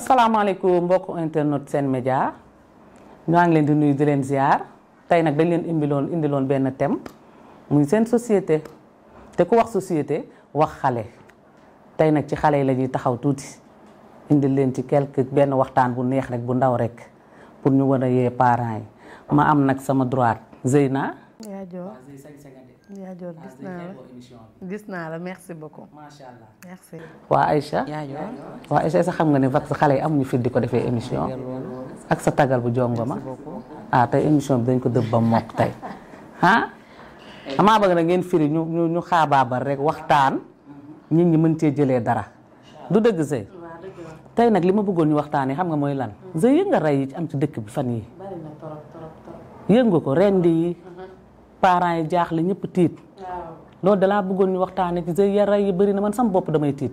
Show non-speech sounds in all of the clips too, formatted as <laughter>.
asalaamaaleykum mbokku internet seen média ñoo ngi leen di nuyu di leen ziar tey nag dañ leen indiloon indiloon benn thème muy seen société te ku wax societé wax xale tey nag ci xale yi la taxaw tuuti indil leen ci quelque benn waxtaan bu neex rek bu ndaw rek pour ñu war a yee parents yi ma am nag sama droit Zeyna. yaa yaa joor gis naa la gis naa la merci beaucoup. macha allah merci. waa Aïcha. yaa joor waa sa xam nga ne vax xale yi amuñu fir di ko defee émission. ak sa tagal bu jongoma. ah tey émission bi dañ ko dëbb ba mokk tey. ah amaa bëgg na ngeen firi ñu ñu ñu xaabaabal rek waxtaan. Mm-hmm. nit ñi mën cee jëlee dara. du dëgg sëy tey nag li ma bëggoon ñu waxtaanee xam nga mooy lan. Mm-hmm. sëy yëg rey yi ci am ci dëkk bi fan yi yëg ko rendi yi. parents yi jaaxle ñëpp tiit. loolu dalaa bëggoon ñu waxtaanee ci sa yara yi bëri na man sama bopp damay tiit.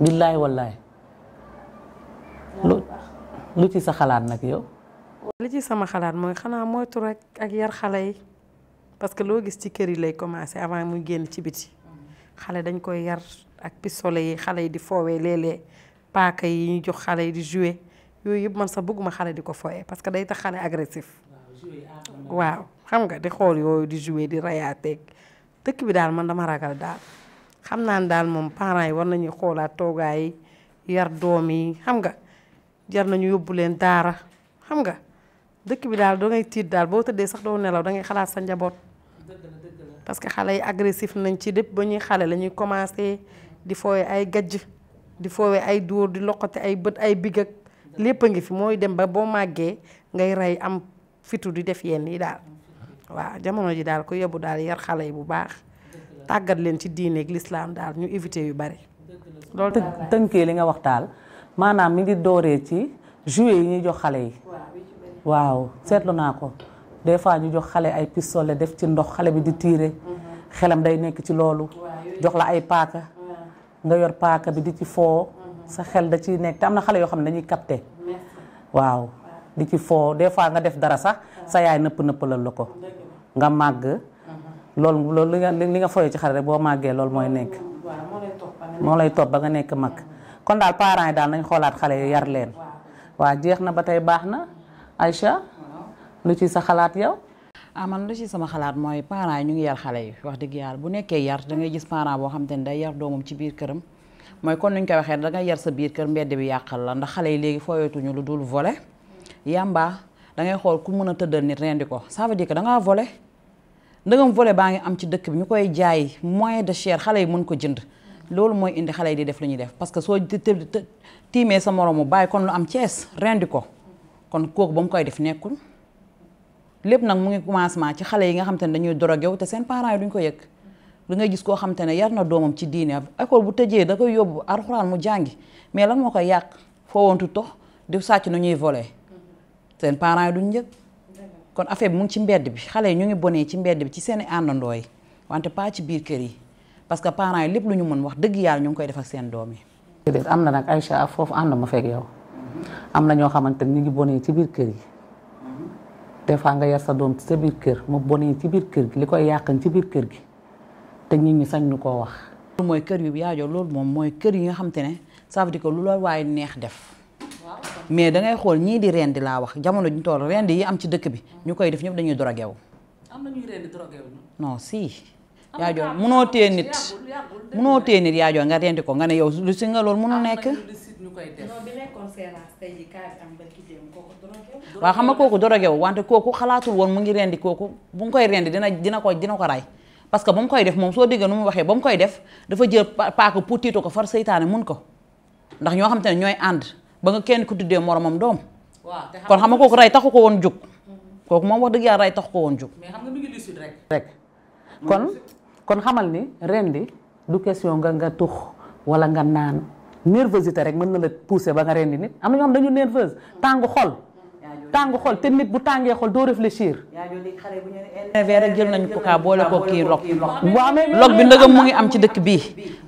billaay wallaay. lu ci sa xalaat nag yow. li ci sama xalaat mooy xanaa moytu rek ak yar xale yi parce que loo gis ci kër yi lay commencé avant muy génn ci biti xale dañ koy yar ak pistolet yi xale yi di foowee léeg-léeg paaka yi ñu jox xale yi di jouer yooyu yëpp man sax bëgguma xale di ko foowee parce que day tax xale agressif waaw xam nga di xool yooyu di jouer di rayaateeg dëkk bi daal man dama ragal daal xam naa ne daal moom parents yi war nañuy xoolaat toogaay yar doom yi xam nga jar nañu yóbbu leen daara xam nga dëkk bi daal doo tiit daal boo tëddee sax doo nelaw da ngay xalaat sa njaboot. parce que xale yi agressif nañ ci lépp ba ñuy xale lañuy ñuy commencé di foowe ay gajj di foowe ay dóor di loqate ay bët ay big ak lépp a ngi fi mooy dem ba boo màggee ngay rey am fitu di def yenn yi daal. waaw jamono ji daal ko yebu daal yar xale yi bu baax tàggat leen ci diine ak lislaam daal ñu éviter yu bari loolu tënkee li nga wax daal maanaam mi ngi dooree ci jouet yi ñuy jox xale yi waaw seetlu naa ko des fois ñu jox xale ay pistolet def ci ndox xale bi di tiire xelam day nekk ci loolu jox la ay paaka nga yor paaka bi di ci foo sa xel da ciy nekk te am na xale yoo xam ne dañuy capté waaw di ci foo des fois nga def dara sax sa yaay nëpp nëpp lal la ko nga màgg. loolu loolu li nga li nga foyee ci xale rek boo màggee loolu mooy nekk. moo lay topp ba nga nekk mag. kon daal parent yi daal nañ xoolaat xale yi yar leen. waa jeex na ba tey baax na Aïcha. lu ci sa xalaat yow. ah man lu ci sama xalaat mooy parent yi ñu ngi yar xale yi wax dëgg yàlla bu nekkee yar dangay gis parent boo xam te ne day yar doomam ci biir këram. mooy kon ñu koy waxee dangay yar sa biir kër mbedd bi yàqal la ndax xale yi léegi fooyatuñu lu dul voler. yàmba da xool ku mën a tëddal nit rendi ko ndëgam volet baa ngi am ci dëkk bi ñu koy jaay moyen de cher xale yi mun ko jënd loolu mooy indi xale yi di def lu ñuy def parce que soo tiimee sa mu bàyyi kon lu am Cees rendi ko kon kooku ba mu koy def nekkul lépp nag mu ngi commencement ci xale yi nga xam te ne dañuy drogué wu te seen parents yi duñ ko yëg da ngay gis koo xam te ne yar na doomam ci diine école bu tëjee da koy yóbbu alxuraan mu jàngi mais lan moo koy yàq foo woontu tox di sàcc na ñuy volé seen parents yi kon affaire bi mu ngi ci mbedd bi xale yi ñu ngi bonee ci mbedd bi ci seen i àndandoo yi wante pas ci biir kër yi parce que parents yi lépp lu ñu mën wax dëgg yàlla ñu ngi koy def seen doom am na nag Aïcha foofu ànd ma fekk yow am na ñoo xamante ni ñu ngi bonee ci biir kër yi te fois nga yar sa doom ci sa biir kër mu bonee ci biir kër gi li koy yàqan ci biir kër gi te nit ñi sañ ñu ko wax. mooy kër yu yaajoo loolu moom mooy kër yi nga xam ne ça veut dire que lu la waaye neex def. mais dangay xool ñii di rend laa wax jamono ji ñu toll rendi yi am ci dëkk bi ñu koy def ñëpp dañuy drogué wu. am si. yaa jox munoo tee nit munoo tee nit nga rendi ko nga ne yow lu si nga loolu munu nekk. waaw xam nga kooku drogué wu wante kooku xalaatul woon mu ngi rend kooku bu mu koy rendi dina dina ko dina ko rey. parce que ba mu koy def moom soo déggee nu mu waxee ba mu koy def dafa jël paaka pour tiitu ko far seytaane mun ko ndax ñoo xam te ne ñooy ànd. ba nga kenn ku tuddé moromam wa kon xam nga kooku rey taxu ko woon jug. kooku moom wax deug ya ray taxu ko woon mais xam nga mi ngi lucide rek. rek kon kon xamal ni rendi, du question nga nga tux wala nga nan nervosité rek mën na la pousser ba nga rendi nit amna na dañu nerveuse tàng xol. Ya, tàng xol te nit bu tangé xol do réfléchir. ñu rek jël nañ ko kaa boole ko kii log lok bi ndëgam mu ngi am ci dëkk bi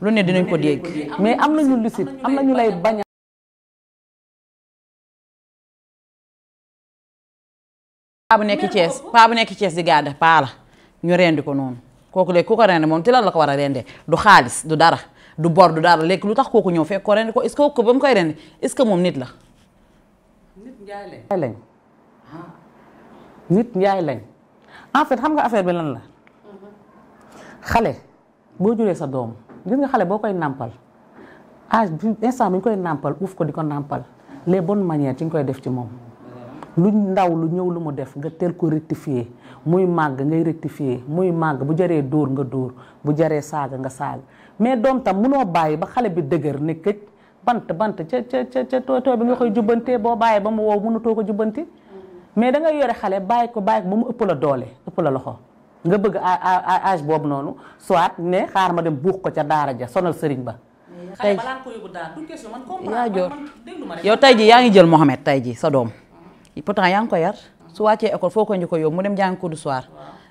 lu ne dinañ ko dégg mais amna ñu lucide amna ñu lay bañ paa bu nekk Thiès paa bu nekk Thiès di gàdde paa la ñu rendi ko noonu kooku léegi ku ko rendi moom ti lan la ko war a rendee du xaalis du dara du bor du dara lekk lu tax kooku ñëw fekk ko rendi ko est-ce que ko ba mu koy rendi est-ce que moom njaay lañ. en fait xam nga affaire bi lan la. xale boo juree sa doom xale boo koy nàmpal âge bi instant bi ñu koy nàmpal uuf ko di ko nàmpal les bonnes manières ci ñu koy def ci moom. lu ndaw lu ñew lu mu def nga tel ko rectifier muy mag ngay rectifier muy mag bu jaree dóor nga dóor bu jaree sag nga sag mais dom tam mëno bàyyi ba xalé bi dëgër ne kecc bant bant ci ci ci to to bi nga koy jubbantee bo bàyyi ba mu mëno to ko jubbanti mais da nga yoré xalé bàyyi ko bàyyi mu ëpp la doolé ëpp la loxo nga bëgg âge boobu nonu soit ne xaar ma dem buux ko ca daara ja sonal sëriñ ba tey yaa joor yow tay ji yaangi jël mohammed tay ji sa dom pourtant yaa ngi ko yar su wàccee école foo koy njëkk a mu dem jàngi cours du soir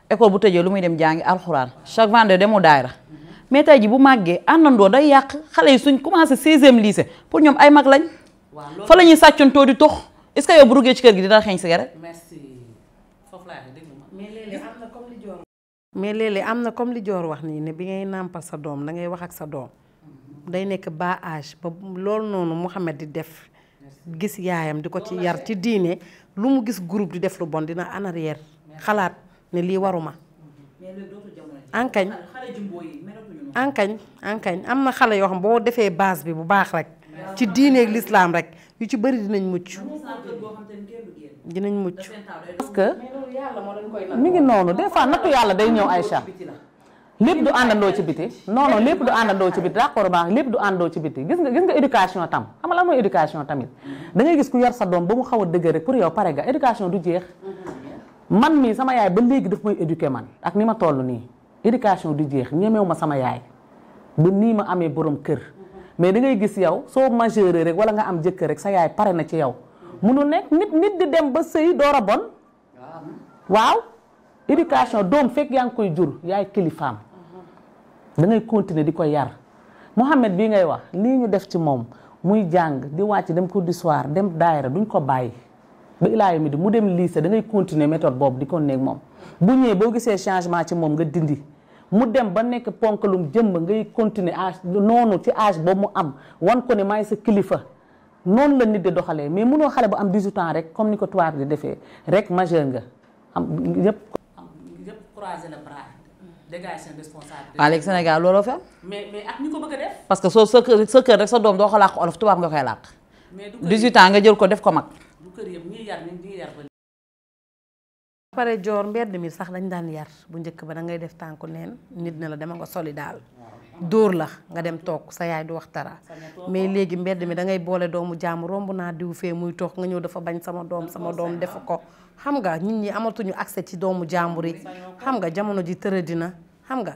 école bu tëjee lu muy dem jàngi alxuraan chaque vendredi demu daayra mais tey ji bu màggee àndandoo day yàq xale yi suñ commencé seizième lycée pour ñoom ay mag lañ fa la ñuy too di tox est ce que yow bu duggee ci kër gi dina xeeñ cigarette mais léeg am na comme li joor wax nii ne bi ngay nàmpal sa doom da ngay wax ak sa doom mhm. day nekk ba âge ba loolu noonu Mouhamed di def gis yaayam di ko ci yar ci diine lu mu gis groupe di def lu bon dina en xalaat ne lii waruma ankañ ankañ ankañ am na xale yoo xam boo defee base bi bu baax rek ci diineeg lislaam rek yu ci bari dinañ mucc dinañ mucc parce que mi ngi noonu des fois nattu yàlla day ñëw Aïcha lépp du àndandoo ci biti non non lépp du àndandoo ci biti d'accord baax lépp du àndandoo ci biti gis nga gis nga éducation tam xam nga lan mooy éducation tamit da ngay gis ku yar sa doom ba mu xaw a dëgër rek pour yow pare nga éducation du jeex man mii sama yaay ba léegi daf may éduquer man ak ni ma toll nii éducation du jeex ñemewu ma sama yaay ba nii ma amee boroom kër mais da ngay gis yow soo majeure rek wala nga am jëkkër rek sa yaay pare na ci yow munu nekk nit nit di dem ba sëy door a bon ah. waaw éducation doom fekk yaa ngi koy jur yaay kilifaam da ngay continuer di ko yar Mouhamed bii ngay wax lii ñu def ci moom muy jàng di wàcc dem cours du soir dem daayira duñ ko bàyyi ba ilaayu mi di mu dem lycée da ngay continuer méthode boobu di ko nekk moom bu ñëwee boo gisee changement ci moom nga dindi mu dem ba nekk ponkalum jëmm ngay continuer âge noonu ci âge boobu mu am wan ko ne maay sa kilifa noonu la nit di doxalee mais mënoo xale bu am 18 ans rek comme ni ko tubaab di defee rek majeur nga am yëpp yëpp croiser dégage seen fa. mais que soo sa kër sa kër rek sa ko làq olof nga jël ko def ko mag. pare joor mbedd mi sax dañ daan yar bu njëkk ba da ngay def tànku neen nit na la dama nga soli daal. dóor la nga dem toog sa yaay du wax dara mais léegi mbedd mi dangay boole doomu jaamu romb naa diw fee muy toog nga ñëw dafa bañ sama doom sama doom def ko. xam nga nit ñi amatuñu accès ci doomu jàmbur yi xam nga jamono ji tëradi na xam nga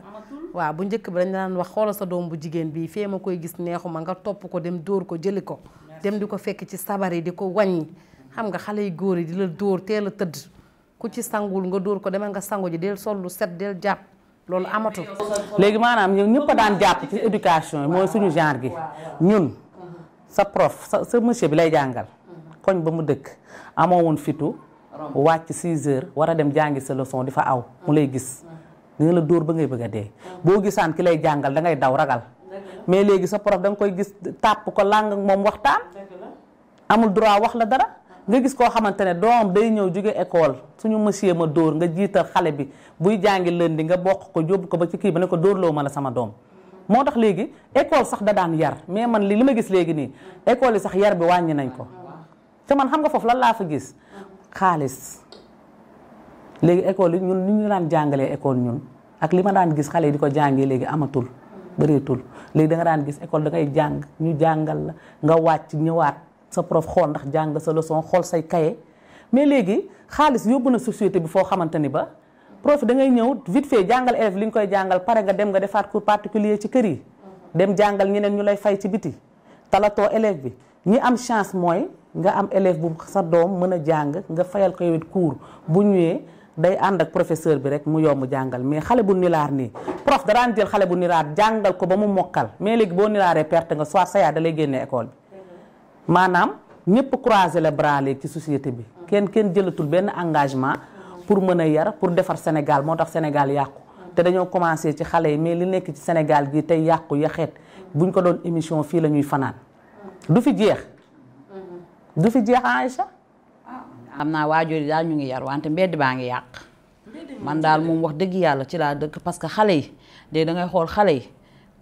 waaw bu njëkk bi dañ daan wax xoolal sa doom bu jigéen bii fee ma koy gis neexuma nga topp ko dem dóor ko jëli ko dem di ko fekk ci sabar yi di ko wàññi xam nga xale yu góor yi di la dóor teel a tëdd ku ci sangul nga dóor ko demal nga sangu ji del sol lu set del jàpp loolu amatu léegi maanaam ñun ñëpp daan jàpp ci éducation mooy suñu genre gi ñun sa prof sa sa bi lay jàngal koñ ba mu dëkk amoo woon fitu wàcc 6 heures war a dem jàngi sa leçon di fa aw mu lay gis dina la dóor ba ngay bëgg a dee boo gisaan ki lay jàngal dangay daw ragal mais léegi sa prof da nga koy gis tàpp ko làng moom waxtaan amul droit wax la dara nga gis koo xamante ne doom day ñëw jóge école suñu monsieur ma dóor nga jiital xale bi buy jàngi lëndi nga bokk ko yóbbu ko ba ci kii ba ne ko dóorloo ma la sama doom moo tax léegi école sax da daan yar mais man li li ma gis léegi nii école yi sax yar bi wàññi nañ ko xaalis léegi ecole yi ñun ni ñu daan jàngalee école ñun ak li ma daan gis xale yi di ko jàngee léegi amatul bëreetul léegi da daan gis école da ngay jàng ñu jàngal la nga wàcc ñëwaat sa prof xool ndax jàng sa leçon xool say kaye mais léegi xaalis yóbbu na société bi foo xamante ni ba prof da ngay ñëw vite fait jàngal élève li ñu koy jàngal pare nga dem nga defaat cours particulier ci kër yi. dem jàngal ñeneen ñu lay fay ci biti talatoo élève bi ñi am chance mooy. nga am élève bu sa doom mën a jàng nga fayal ko yowit cours bu ñëwee day ànd ak professeur bi rek mu yomb jàngal mais xale bu nilaar nii prof daraan jël xale bu nilaar jàngal ko ba mu mokkal mais léegi boo nilaaree perte nga soit sa yaa da génne école bi maanaam ñëpp croiser la bras ci société bi kenn kenn jëlatul benn engagement pour mën a yar pour defar Sénégal moo tax Sénégal yàqu te dañoo commencé ci xale yi mais li nekk ci Sénégal gi tey yàqu yaxeet buñ ko doon émission fii la ñuy fanaan du fi du fi jeex Aïcha ah, am naa waajur yi daal ñu ngi yar wante mbedd baa ngi yàq man daal moom wax dëgg yàlla ci laa dëkk parce que xale yi de da ngay xool xale yi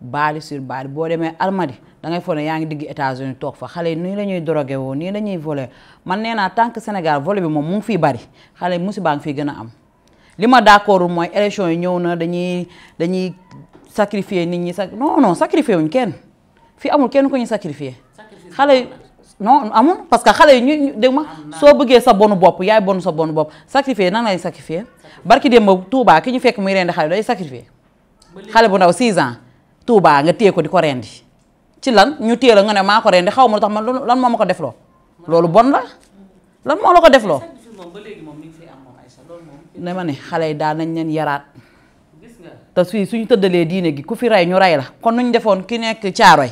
baali sur baali boo demee almadi da ngay foog yaa ngi digg États-Unis toog fa xale yi nii la ñuy woo nii la ñuy man nee naa tant que Sénégal volé bi moom mu ngi bari xale yi musiba ngi fiy gën a am li ma d'accordul mooy élection yi ñëw na dañuy dañuy sacrifier nit ñi sax non non sacrifier wuñ kenn fi amul kenn ko ñu sacrifier non amul parce que xale yi ñu ñu ma soo bëggee sa bonu bopp yaay bonu sa bonu bopp sacrifier nan lañ sacrifier barki démb Touba ki ñu fekk muy rendi xale day sacrifier xale bu ndaw 6 ans Touba nga téye ko di ko rendi ci lan ñu téye la nga ne maa ko rendi xaw ma tax man lan moo ko defloo loolu bon la lan moo la ko defloo ne ma ne xale yi daal nañ leen yaraat te fii suñu tëddalee diine gi ku fi rey ñu rey la kon nuñ defoon ki nekk caaroy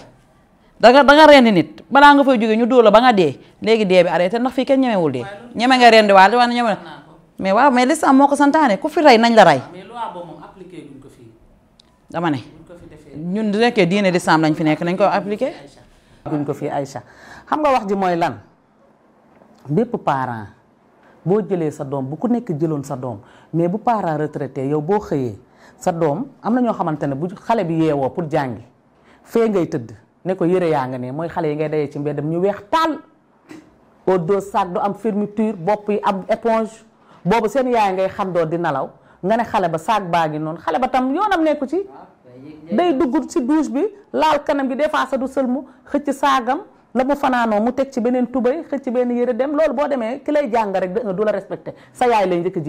da nga da nga nit balaa nga fay jógee ñu dóor la ba nga dee léegi dee bi arrêté ndax fii kenn ñemewul dee ñeme nga rendi waale waaye ñeme mais waaw mais l'islam moo ko santaane ku fi rey nañ la rey dama ne ñun di nekkee diine l'islam lañ fi nekk nañ ko appliqué duñ ko fii Aïcha xam nga wax ji mooy lan bépp parent boo jëlee sa doom bu ku nekk jëloon sa doom mais bu parent retraité yow boo xëyee sa doom am na ñoo xamante ne bu xale bi yeewoo pour jàngi fee ngay tëdd ne ko yëre yaa nga ne mooy xale yi ngay dayee ci mbeddam ñu weex taal au dos sac du am fermeture bopp yi am éponge boobu seen yaay ngay xam doo di nalaw nga ne xale ba sac baa ngi noonu xale ba tam yoonam nekku ci day dugg ci douche bi laal kanam gi des fois sa du sëlmu xëcc saagam la mu fanaanoo mu teg ci beneen tubay xëcc benn yëre dem loolu boo demee ki lay jàng rek du la respecté sa yaay lay njëkk a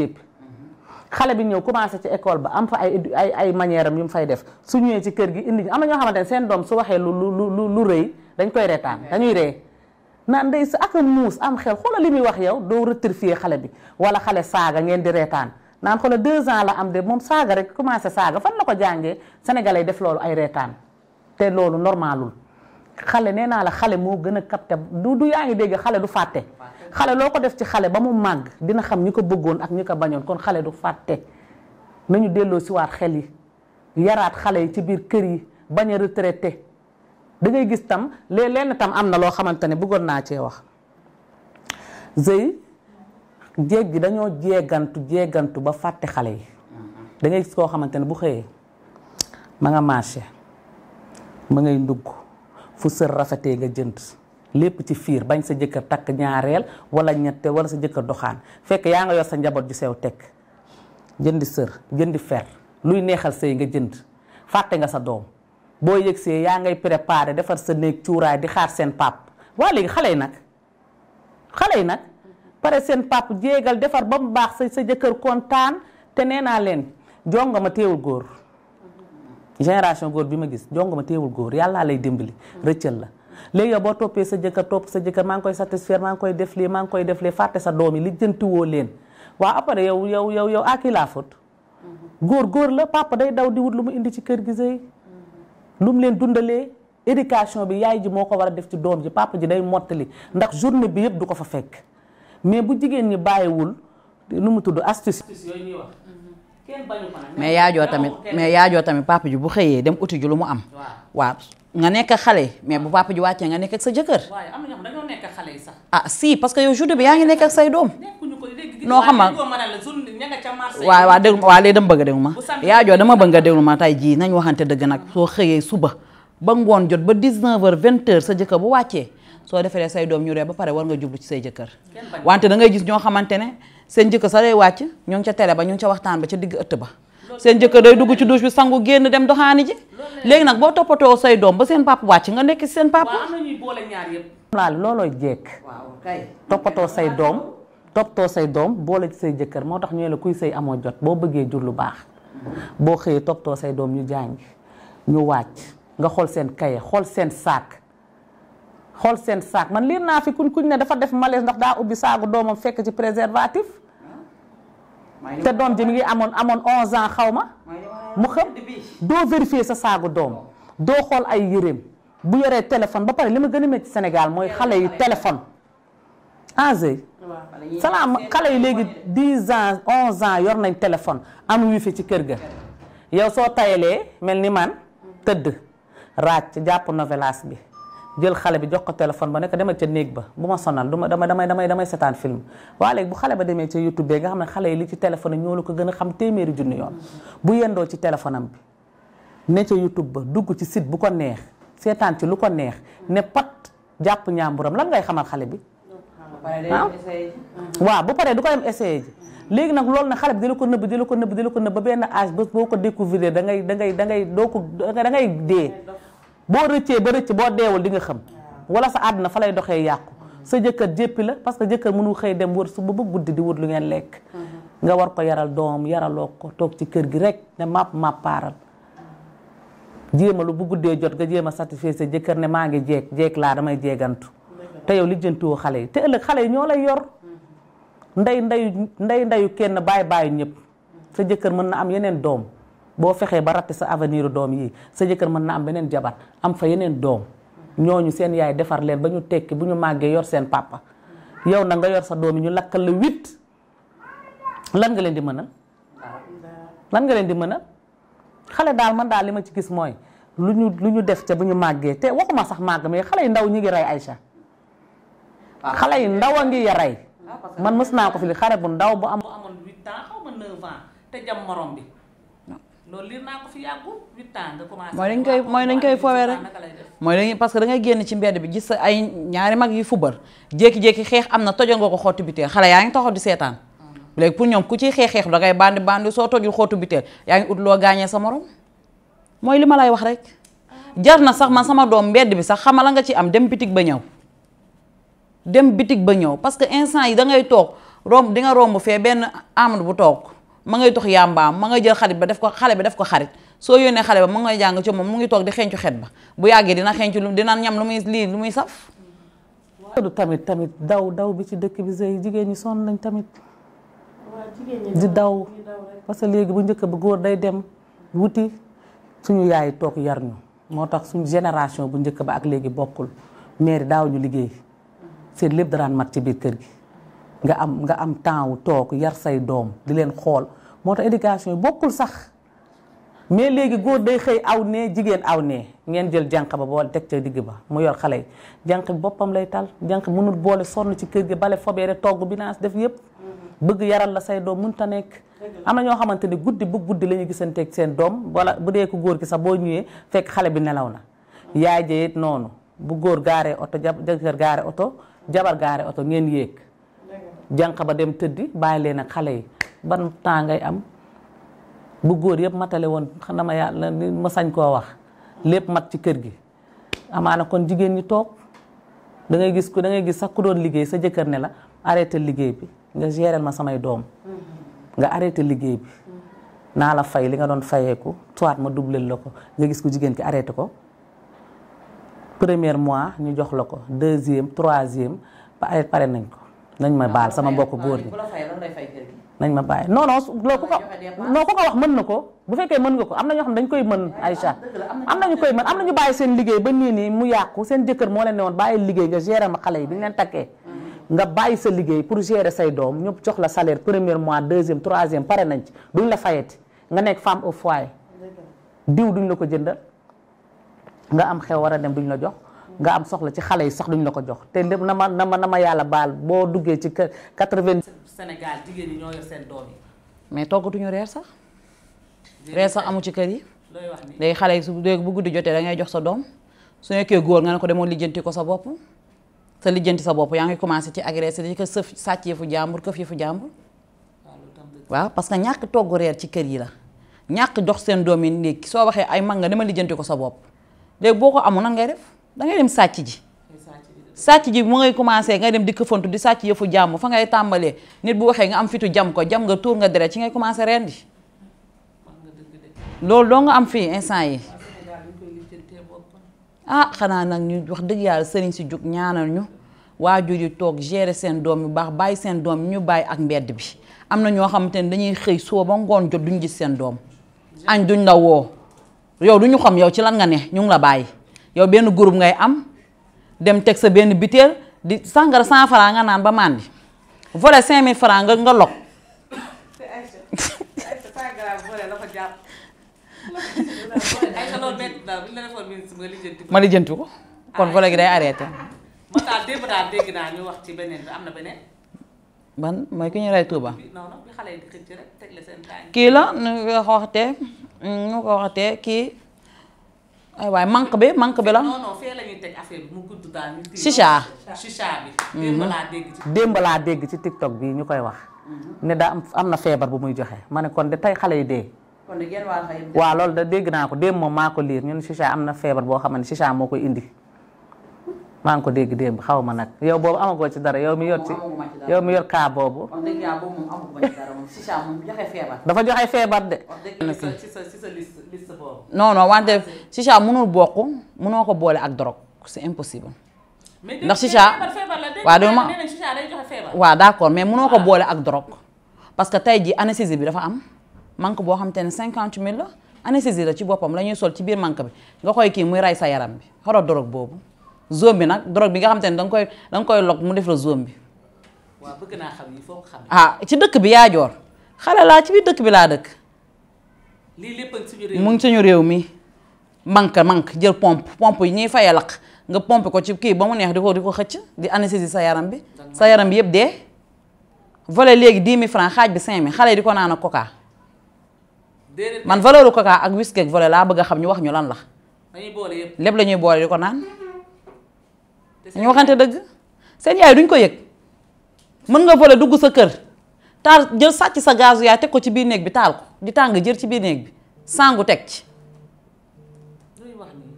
xale bi ñëw commencé ci école ba am fa ay ay ay manière am yu mu fay def su ñëwee ci kër gi indi ñu am na ñoo xamante ne seen doom su waxee lu lu lu lu rëy dañ koy reetaan dañuy ree naan ndey sa ak a muus am xel xoola li muy wax yow doo retrifier xale bi wala xale saaga ngeen di reetaan naan xoola deux ans la am de moom saaga rek commencé saaga fan la ko jàngee sénégalais def loolu ay reetaan te loolu normalul xale nee naa la xale moo gën a capté du du yaa ngi dégg xale du fàtte xale loo ko def ci xale ba mu màgg dina xam ñi ko bëggoon ak ñi ko bañoon kon xale du fàtte nañu delloo siwaat xel yi yaraat xale yi ci biir kër yi bañ a retraité da gis tam léeg lenn tam am na loo xamante ne bëggoon naa cee wax zëy jéeg gi dañoo jéegantu jéegantu ba fàtte xale yi dangay ngay gis koo xamante ne bu xëyee ma nga marché ma ngay ndugg fu seur rafetee nga jënt lépp ci fiir bañ sa jëkkër tak ñaareel wala ñette wala sa jëkkër doxaan fekk ya nga yo sa njabot ju sew tek jëndi seur jëndi fer luy neexal sey nga jënd faté nga sa doom bo yexé ya ngay préparé defar sa neek cuuraay di xaar sen pap wa légui xalé nak xalé nak paré sen pap jéegal defar bam baax sa sa jëkkër kontaan té néna len jonga ma génération góor bi ma gis jong ma téewul góor yàllaa lay dimbali rëccal la léegi boo toppee sa jëkkër topp sa jëkkër maa ngi koy satisfaire maa ngi koy def lii maa koy def lii fàtte sa doom yi li jëntiwoo leen waa après yow yow yow yow aki ah, laa faute mm-hmm. góor góor la papa day daw di wut lu mu indi ci kër gi sëy mm-hmm. lu leen dundalee éducation bi yaay ji moo ko war a def ci doom ji pàpp ji day mottali ndax journée bi yëpp du ko fa fekk mais bu jigéen ñi bàyyiwul nu mu tudd astuce yooyu ñuy wax mais yaajoo tamit mais yaajoo tamit papa bu xëyee dem uti ji lu mu am waaw nga nekk xale mais bu papa ji wàccee nga nekk sa jëkkër ah si parce que yow bi yaa ngi nekk say doom noo xam nga waaw waaw déglu waaw léegi dama bëgg a ma yaajoo dama bëgg a déglu ma tey jii nañ waxante dëgg nag soo xëyee suba ba ngoon jot ba 19 heures 20 heures sa jëkkër bu wàccee soo defee say doom ñu ree ba pare war nga jublu ci say jëkkër wante da ngay ñoo xamante seen jëkkër sa day wàcc ñu ngi ca télé ba ñu ngi ca waxtaan ba ca digg ëtt ba seen jëkkër day dugg ci douche bi sangu génn dem doxaani ji léegi nag boo toppatoo say doom ba seen papa wàcc nga nekk ci seen papa laal loolooy jekk toppatoo say doom toppatoo say doom boole say jëkkër moo tax ñu la kuy say amoo jot boo bëggee jur lu baax boo xëyee toppatoo say doom ñu jàng ñu wàcc nga xool seen kaye xool seen saak xool seen saak man liir naa fi kuñ kuñ ne dafa def malaise ndax daa ubbi saagu doomam fekk ci préservatif te doom ji mi ngi amoon amoon 11 ans xawma mu xam doo vérifier sa saagu doom doo xool ay yëreem bu yoree téléphone ba pare li ma gën a métti Sénégal mooy ah, xale yi téléphone eng salaam xale yi léegi 10 ans onze ans yor nañ téléphone am wifi ci kër ga yow soo tayalee mel ni man tëdd ci jàpp novelas bi jël xale bi jox ko téléphone ba nekk demal ca néeg ba bu ma sonal du ma damay damay damay damay setaan film waaye léegi bu xale ba demee ca youtube bee nga ne xale yi li ci téléphone ñoo la ko gën a xam téeméeri junni bu yendoo ci téléphone bi ne ca youtube ba dugg ci site bu ko neex seetaan ci lu ko neex ne pat jàpp ñaamburam lan ngay xamal xale bi ah, ah? waaw bu paree du ko dem essayé ji léegi nag loolu nag xale bi di la ko nëbb di la ko nëbb di ba benn âge ba boo ko découvrir da dangay da ngay da doo ko dangay ngay dee boo rëccee ba rëcc boo deewul di nga xam wala sa àdduna fa lay doxee yàqu sa jëkkër jéppi la parce que jëkkër mënu xëy dem wër su ba guddi di wut lu ngeen lekk mm-hmm. nga war ko yaral doom yaraloo ko toog ci kër gi rek ne màpp màppaaral jéem a lu bu guddee jot nga jéem a satisfaire sa jëkkër ne maa ngi jeeg jeeg laa damay jeegantu te yow lijjantiwoo xale yi te ëllëg xale yi ñoo lay yor ndey mm-hmm. ndey nday ndayu kenn bàyyi bàyyi ñëpp mm-hmm. sa jëkkër mën na am yeneen doom boo fexee ba ratt sa avenir doom yi sa jëkkër mën na am beneen jabar am fa yeneen doom ñoo ñu seen yaay defar leen ba ñu tekki bu ñu màggee yor seen pàppa yow na nga yor sa doom yi ñu lakkal la huit lan nga leen di mënal lan nga leen di mënal xale daal man daal li ma ci gis mooy lu ñu lu ñu def ca bu ñu màggee te waxuma sax màgg mais xale yu ndaw ñi ngi rey Aïcha ah. xale yu ndaw a ngi rey ah, man mës naa ko fi li xale bu ndaw bu am bu amoon huit ans xaw ma neuf te jam morom bi loolu liir naa ko fi yàggul huit ans nga commencé. mooy dañ koy mooy dañ koy foowee rek mooy dañ parce que da ngay génn ci mbedd bi gis ay ñaari mag yu fubar jékki-jékki xeex am na tojal nga ko xottu biteel xale yaa ngi di seetaan hmm. léegi pour ñoom ku ciy xeex xeex dangay bandi bandi soo tojul xottu biteel yaa ngi ut loo gaañee sa morom mooy li ma wax rek ah. jar na sax man sama doom mbedd bi sax xamala nga ci am dem bitig ba ñëw dem bitig ba ñëw parce que instant yi da ngay toog rom di nga romb fee benn amul bu toog ma ngay tox yàmbaam ma ngay jël xarit ba def ko xale bi def ko xarit soo yónnee xale ba ma ngay jàng ci moom mu ngi toog di xencu xet ba bu yàggee dina xencu lu dina ñam lu muy lii lu muy saf loolu tamit tamit daw daw bi ci dëkk bi sëy jigéen ñi sonn nañ tamit di daw parce que léegi bu njëkk bu góor day dem wuti suñu yaay toog yar ñu moo tax suñu génération bu njëkk ba ak léegi bokkul mairie daaw ñu liggéey seen lépp daraan mat ci biir kër gi nga am nga am temps wu toog yar say doom di leen xool moo tax éducation yi bokkul sax mais léegi góor day xëy aw nee jigéen aw nee ngeen jël janq ba boole teg ca digg ba mu yor xale yi jànq bi boppam lay tal janq mënul boole sonn ci kër gi bale fobeere togg bi naas def yëpp bëgg yaral la say doom mënta nekk am na ñoo xamante ni guddi bu guddi la ñu gisanteeg seen doom wala bu dee ko góor gi sax boo ñëwee fekk xale bi nelaw na yaay jeyit noonu bu góor gaaree oto jabar gaare oto jabar gaaree oto ngeen yéeg janq ba dem tëddi bàyyi leen xale yi ban temps ngay am bu góor yëpp matale woon xanaa ma yàlla ni ma sañ koo wax lépp mat ci kër gi. amaana kon jigéen ñi toog dangay gis ko da ngay gis sax ku doon liggéey sa jëkkër ne la arrêté liggéey bi nga géréel ma samay doom mm-hmm. nga arrêté liggéey bi mm-hmm. naa la fay li nga doon fayeeku soit ma dubleel la ko nga gis ko jigéen ki arrêté ko. première mois ñu jox la ko deuxième troisième ba arrêté pare nañ ko. nañ ma baal sama mbokk góor ñi nañ ma baay non non ko non wax mën na ko bu fekkee mën nga ko am na ñoo xam dañ koy mën Aïcha am nañu koy mën am nañu bàyyi seen liggéey ba nii nii mu yàqu seen jëkkër moo leen ne woon bàyyi liggéey nga gérer ma xale yi bi ñu takkee mm-hmm. nga bàyyi sa liggéey pour gérer say doom ñëpp jox la salaire première mois deuxième troisième pare nañ ci duñ la fayati nga nekk femme au foire diw duñ la ko jëndal nga am xew wara dem duñ la jox nga am soxla ci xale yi sax duñ la ko jox te ndem na ma na ma na ma yàlla baal boo duggee ci kër quatre-vingt Sénégal jigéen ñi ñoo seen doom yi mais toggatuñu reer sax reer sax amu ci kër yi léegi xale yi su léegi bu guddi jotee da ngay jox sa doom su nekkee góor nga ne ko demoo lijjanti ko sa bopp sa lijjanti sa bopp yaa ngi commencé ci agressé di ko sëf sàcc yëfu jàmbur këf yëfu jàmbur waaw parce que ñàkk togg reer ci kër yi la ñàkk jox seen doom yi léegi soo waxee ay mag nga dama lijjanti ko sa bopp léegi boo ko amul nan ngay def da ngay dem sàcc ji sàcc ji mu ngay commencé ngay dem di këfantu di sàcc yëfu jàmm fa ngay tàmbalee nit bu waxee nga am fitu jam ko jam nga tuur nga deret ci ngay commencé rendi loolu doo nga am fii instant yi ah xanaa nag ñuy wax dëgg yàlla sëriñ si jug ñaanal ñu waajur yi toog gérer seen doom yu baax bàyyi seen doom ñu bàyyi ak mbedd bi am na ñoo xamante ne dañuy xëy soo ba ngoon jot duñ gis seen doom añ duñ la woo yow duñu xam yow ci lan nga ne ñu ngi bàyyi yow benn groupe ngay am dem teg sa benn biteel di sàngara cent franc nga naan ba màndi volet cinq mille franc nga log ma lijjanti ko kon volet gi day arrêté am na beneen ban mooy ki ñu rey Touba kii la nu ko waxatee nu ko waxatee kii ay waay manque bi manque bi la. non non mhm. démb laa dégg ci. démb laa dégg ñu koy wax. Mhm. ne daa am na feebar bu muy joxe ma ne kon de tey xale yi dee. de genn waa xale yi. loolu de dégg naa ko démb moom maa ko liir ñun chicha am na feebar boo xam ne chicha moo koy indi. maa ngi ko dégg démb xaw ma nag yow boobu amagoo ci dara yow mi yor ci mi yor kaa boobu. dafa joxe feebar de. non non wante Chicha mënul bokk mënoo ko boole ak drogue c'est impossible. ndax Chicha waaw dama waaw d'accord mais mënoo ko boole ak drogue. parce que tey jii anesthésie bi dafa am manque boo xam te ne cinquante mille la anesthésie la ci boppam la ñuy sol ci biir manque bi nga koy kii muy rey sa yaram bi xoro drogue boobu. zoom bi nag drogue bi nga xam te ne danga koy danga koy log mu def la zoom bi. waaw bëgg naa xam foo ko xam. ah ci dëkk bi yaa joor xale laa ci biir dëkk bi laa dëkk. lii lépp ak suñu mi mu ngi suñu réew mi. manque manque jël pompe pompe yi ñuy fay lakk nga pompe ko ci kii ba mu neex di ko di ko xëcc di anesthésie sa yaram bi. sa yaram bi yëpp dee. vole léegi 10 000 francs xaaj bi 5000 xale yi di ko naan ak coca. man ko coca ak whisky ak laa bëgg a xam ñu wax ñu lan la. lépp la ñuy boole di ko naan. dañu waxante dëgg seen yaay duñ ko yëg mën nga voler dugg sa kër taal jël sàcc sa gazu yaay teg ko ci biir néeg bi taal ko di tàng jël ci biir néeg bi sangu teg ci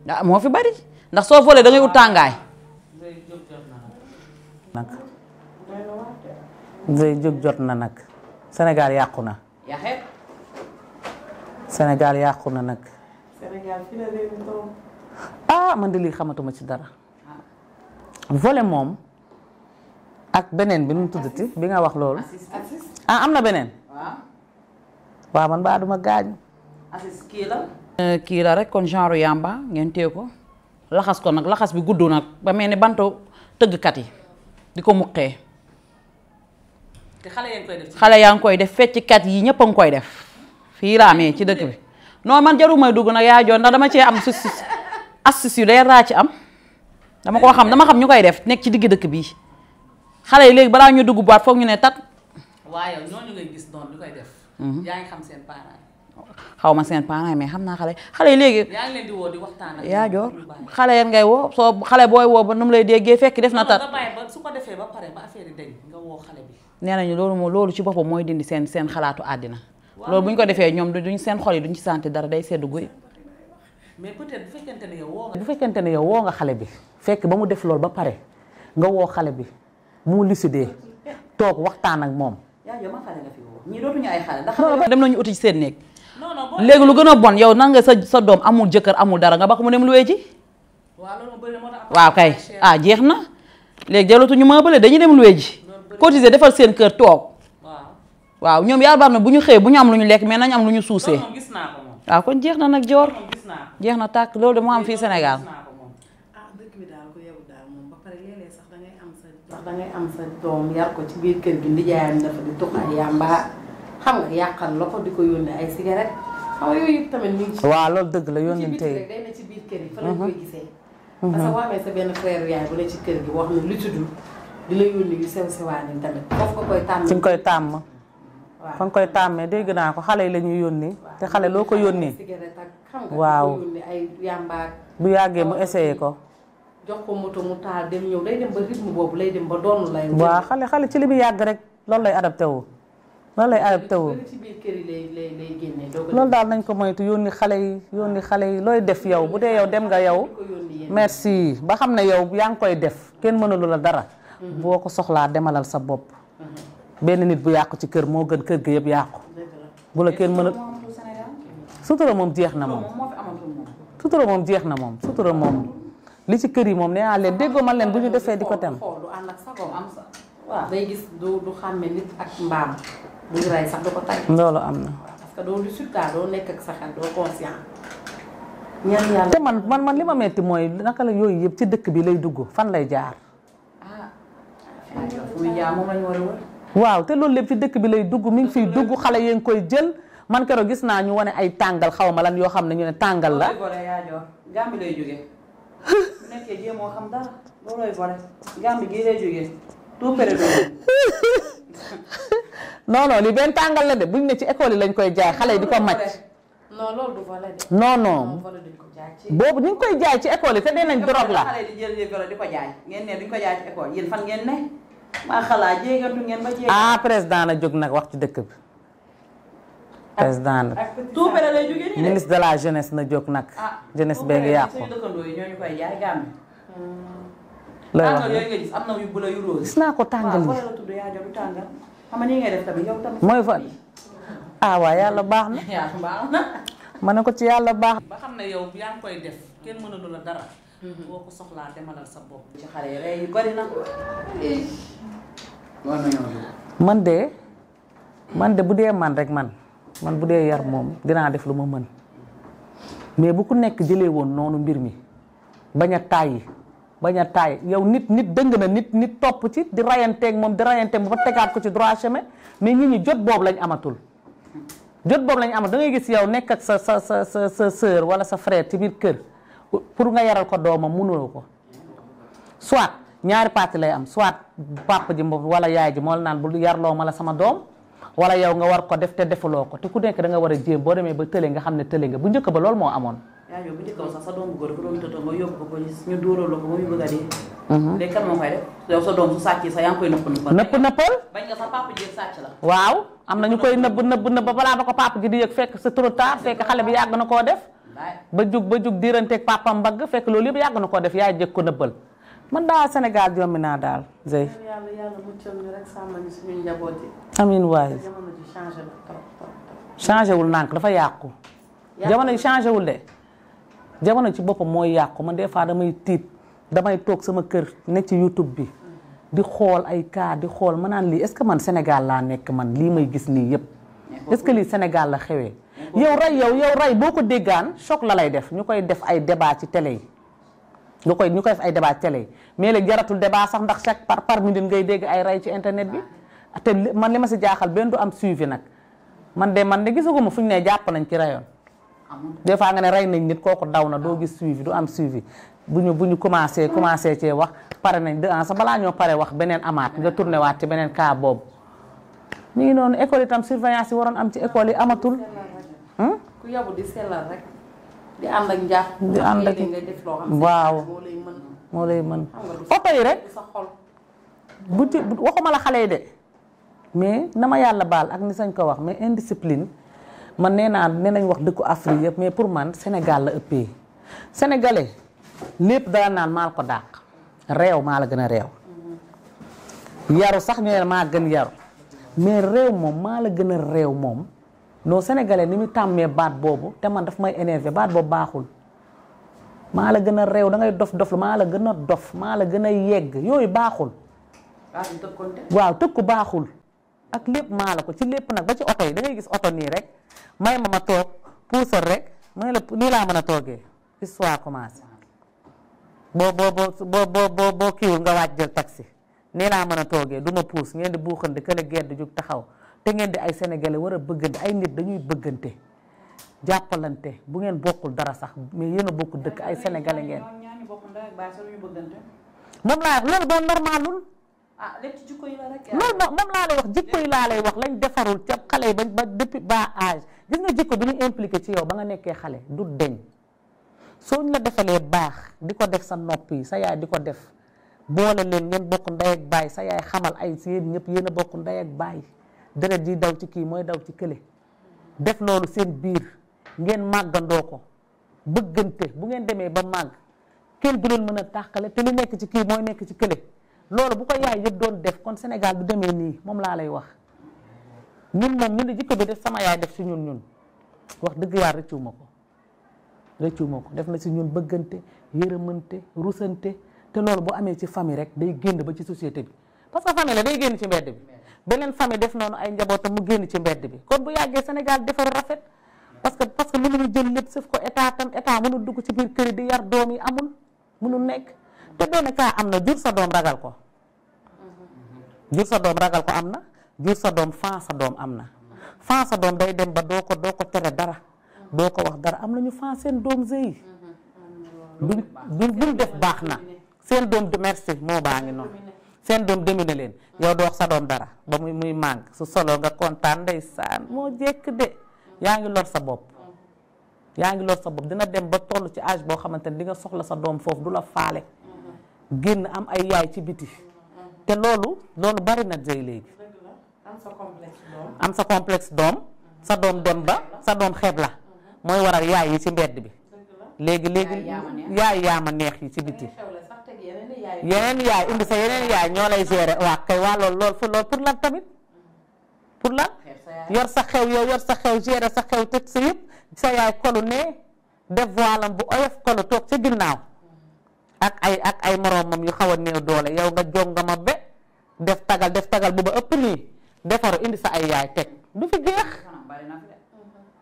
ah moo fi bari ndax soo voler da ngay tàngaay. nag jóg jot na nag senegal yàqu na. senegal yàqu na nag. Sénégal fi la ah man de lii xamatuma ci dara. volet moom ak beneen bi nu mu tuddati bi nga wax loolu. ah am na beneen. waaw man baa duma gaañu. kii la. Euh, kii la rek kon genre yàmba ngeen ko laxas ko nag laxas bi gudd nag ba mel ni bantu tëggkat yi di ko muqee. te xale yaa ngi koy def xale yaa fecckat yi ñëpp a ngi koy def fii raamee ci dëkk bi non man jarul may dugg nag yaa joon ndax dama cee am astuce yu day raa ci am. dama koo xam dama xam ñu koy def nekk ci digg dëkk bi xale yi léegi balaa ñu dugg baat foog ñu ne tat. waaw gis noonu ñu def. Mhm. yaa ngi xam seen parents. xaw ma seen parents mais xam naa xale xale yi léegi. yaa ngi di waxtaan ak. yaa xale yan ngay woo soo xale booy woo ba nu mu lay déggee fekki def na tar nga bàyyi ba su nee nañu loolu moom loolu ci boppam mooy dindi seen seen xalaatu àddina. loolu bu ñu ko defee ñoom duñ seen xol yi duñ ci santé dara day seddu guy mais peut bu fekkente ne yow woo nga. fekkente ne yow woo nga xale bi fekk ba mu def loolu ba pare nga woo xale bi mu de toog waxtaan ak moom. yaa dem nañu uti ci seen néeg. non léegi lu gën a bon yow nan nga sa sa doom amul jëkkër amul dara nga ba ko mu dem luwee ji. waaw loolu bëri kay ah jeex na léegi jaratuñu ma bële dañuy dem luwee ji. cotiser defal seen kër toog. waaw ñoom yaa baax na bu ñu xëyee bu ñu am lu ñu lekk mais nañu am lu ñu suusee. gis naa waaw ah, kon jeex na nag joor jeex na tàkk loolu de mu am fii Sénégal. Ah, sax dangay am sa doom yar ko ci biir kër gi ndijaayam dafa di tux ay yàmba xam nga yàqal la di ko yónnee ay cigarette xam nga yooyu tamit mi ngi waaw loolu dëgg la yónnee tey day na ci biir kër yi fa lañ mhm. gisee. Mhm. parce sa benn frère yaay bu ne ci kër gi wax na lu tudd di la yu sew sewaani tamit foofu nga koy tàmm. fi nga koy tàmm. fa nga koy tàmmee dégg naa ko xale yi la ñuy yónni te xale loo ko yónni waaw bu yàggee mu essayé ko jox ko moto mu taal lay dem ba doon waaw xale xale ci li mu yàgg rek loolu lay adapté wu loolu lay adapté wu loolu daal nañ ko moytu yónni xale yi yónni xale yi looy def yow bu dee yow dem nga yow merci ba xam ne yow yaa ngi koy def kenn mënalu la dara mm-hmm. boo ko soxlaa demalal sa bopp mm-hmm. benn nit bu yàqu ci kër moo gën kër gi yëpp yàqu. bu la kenn mën a sutura moom jeex na moom. sutura moom jeex na moom sutura moom li ci kër yi moom nee leen déggoo man leen bu ñu defee di ko tem. day gis du du ak mbaam du loolu am na. parce que nekk ak sa te man man man li ma metti mooy naka la yooyu yëpp ci dëkk bi lay dugg fan lay jaar. Ah. waaw te loolu lépp ci dëkk bi lay dugg mi ngi fiy dugg xale yee ngi koy jël man keroog gis naa ñu wane ay tàngal xaw ma lan yoo xam ne ñu ne tàngal la. Gàmbi lay jógee. bu <laughs> nekkee <laughs> benn tàngal la de buñ ne ci école yi lañ koy jaay xale yi di ko màcc. non loolu du volé de. non non boobu ñu ngi koy jaay ci école yi te nee nañ drogue la. jël di ko jaay ngeen ne ko ngeen maa ah président la jóg nag wax dëkk bi. président la ministre de la jeunesse na jóg nag. Ah, jeunesse bee ngi yàqu. ko tàngal yi. mooy fa ah <laughs> yàlla baax na. ma ne ko ci yàlla baax. ba xam ne yow yaa koy def kenn mënalu la dara. boo ko soxlaa demalal sa bopp ci xale yi rey yu bari na man de man de bu dee man rek man man bu dee yar moom dinaa def lu ma mën mais bu ku nekk jëlee woon noonu mbir mi bañ a tàyyi bañ a tàyyi yow nit nit dëng na nit nit topp ci di rayanteeg moom di rayanteeg moom ba ko ci droit chemin mais nit ñi jot boobu lañ amatul jot bob lañ amatul da ngay gis yow nekk ak sa sa sa sa sœur wala sa frère ci biir kër pour nga yaral ko dooma munul ko soit ñaari parti lay am soit papa ji wala yaay ji moo la naan bu yarlo mala sama dom wala yow nga war ko def te defuloo ko te ku nek da nga wara a bo demé ba tële nga xamné ne nga bu ñëk ba mo amone ya yaa bu njëkk ba sax sa doom bu góor ko doon tata nga yob ko ko ñu dóoroo lo ko ba muy di a mhm. kan moo def yow sa doom su sacci koy bañ nga sa papa ji sàcc la waaw ba ko papa di yëg fekk c'est trop tard fekk xale bi na def ba jug ba jug diiranteeg papa mbagg fekk loolu yëpp yàgg na ko def yaay jëkk ko nëbbal man daal Sénégal yomb naa daal Zey. yàlla yàlla muccal ñu rek sàmmal nànk dafa yàqu. jamono ji changé wul de. jamono ci boppam mooy yàqu man des fois damay tit damay toog sama kër ne ci YouTube bi. di xool ay cas di xool ma naan lii est-ce que man senegal laa nekk man lii may gis nii yëpp. est-ce que lii Sénégal la xewee. yow rey yow yow rey boo ko déggaan choc la lay def ñu koy def ay débat ci télé yi ñu koy ñu koy ay débat ci télé mais léegi jaratul débat sax ndax chaque par par minute ngay dégg ay rey ci internet bi te man li ma si jaaxal benn du am suivi nag man de man de gisaguma fu ñu ne jàpp nañ ci reyoon de fois nga ne rey nañ nit kooku daw na doo gis suivi du am suivi bu ñu bu ñu commencé commencé cee wax pare nañ de sax balaa ñoo pare wax beneen amaat nga tourné waat ci beneen kaa boobu mi ngi ku yabu di sellal ànd ak njàpp. waaw moo lay mën. moo yi rek. bu ti waxuma la xale de. mais na ma yàlla baal ak ni sañ ko wax mais indiscipline man nee naa nee nañ wax dëkku Afrique yëpp mais pour man Sénégal la ëppee. sénégalais lépp dala naan maal ko dàq. réew maa la gën a réew. yaru sax ñu maa gën yaru mais réew moom maa la gën a réew moom. noo sénégalais ni muy tàmmee baat boobu te man daf may énervé baat boobu baaxul maa la gën a réew dangay dof dof la maa la gën a dof maa la gën a yegg yooyu baaxul. waaw tëkku baaxul. ak lépp maa la ko ci lépp nag ba ci oto yi da ngay gis oto nii rek may ma ma toog puusal rek ma ne la nii laa mën a toogee histoire commencé boo boo boo boo boo boo kiiwul nga waaj jël taxi nii laa mën a toogee du ma puus ngeen di buuxante kële gedd jug taxaw. te ngeen di ay sénégalais war a bëggante ay nit dañuy bëggante jàppalante bu ngeen bokkul dara sax mais yéen a bokk dëkk ay sénégalais ngeen. moom ah, la rek. loolu moom laa lay lay wax lañ defarul ca xale yi ba ba depuis bas âge gis ñu impliqué ci yow ba nga nekkee xale du deñ soo ñu la defalee baax di ko def sa nopp yi sa di ko def boole leen ngeen bokk ndey ak baay sa xamal ay yéen ñëpp yéen a bokk ndey ak baay deret ji daw ci kii mooy daw ci kële def loolu seen biir ngeen màggandoo ko bëggante bu ngeen demee ba màgg kenn du leen mën a tàqale te lu nekk ci kii mooy nekk ci kële loolu bu ko yaay yëpp doon def kon Sénégal du demee nii moom laa lay wax ñun moom ñun di jikko bi def sama yaay def si ñun ñun wax dëgg yaa rëccuwuma ko rëccuwuma ko def na si ñun bëggante yërëmante rusante te loolu boo amee ci famille rek day génn ba ci société bi parce que famille la day génn ci mbedd beneen famille def noonu ay am mu génn ci mbedd bi kon bu yàggee Sénégal defaru rafet parce que parce que mënuñu jël lépp sëf ko état tam état mënul dugg ci biir kër di yar doom yi amul mënul nekk te doone kaa am na jur sa doom ragal ko jur sa doom ragal ko am na jur sa doom fan sa doom am na fan sa doom day dem ba doo ko doo ko tere dara doo ko wax dara am na ñu fan seen doom sëy mm-hmm. Mm-hmm. duñ duñ def baax na seen doom du merci moo baa ngi noonu sen dom deme na yow do wax sa dom dara ba muy muy mang su solo nga contane ndaysan mo jek de yaangi lor sa bop yaangi lor sa bop dina dem ba tollu ci age bo xamanteni di nga soxla sa dom fofu dula faale genn am ay yaay ci biti te lolu lolu bari na dey legi am sa complexe am sa dom dem ba sa dom xeb la moy waral yaay yi ci mbedd bi legi legi yaay yaama neex ci biti yeneen yaay indi sa yeneen yaay ñoo lay gérer waa kay waa lool lool fu lool pour lan tamit pour lan yor sa xew yow yor sa xew gérer sa xew tëj sa yaay kolu ne def voilam bu oyof kolu toog sa ginnaaw ak ay ak ay moroomam yu xaw a néew doole yow nga jongama be def tagal def tagal bu ba ëpp nii defaru indi sa ay yaay teg du fi géex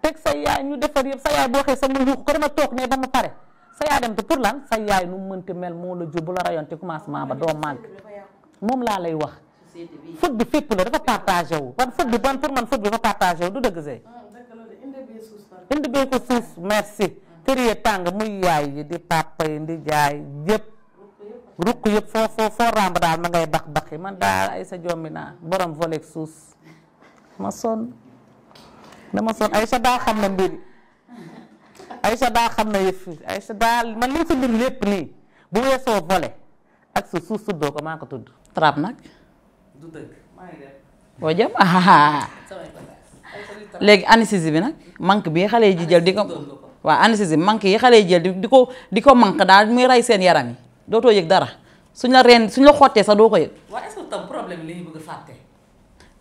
teg sa yaay ñu defar yëpp sa yaay boo xee sa mu yuux ko dama toog ne dama pare sa yaay dem te pour lan sa yaay nu mënti mel moo la jur bu la rayoon ci commencement ba doo màgg moom laa lay wax. foot bi fépp la dafa partagé wu man foot bi ban pour man foot bi dafa partagé wu du dëgg see. Ah, indi bee ko suuf merci. kër yi tàng muy yaay yi di papa yi di jaay yëpp. rukk yëpp foo foo foo ràmb daal ma ngay bax baxi man daal ay ah. sa jombi naa borom volet suus ma sonn dama sonn ay sa daa xam na mbir sa Ba xam na yëf sa Ba man li fi lim lépp nii bu weesoo volé ak sa suuf tuddoo ko maa ko tudd. trap nag. du boo jëm <laughs> léegi anesthésie bi nag manque bi xale yi jël di ko. waaw anesthésie manque yi xale yi jël di ko di ko manque daal muy rey seen yaram yi dootoo yëg dara suñ la reen suñ la xottee sax doo ko yëg.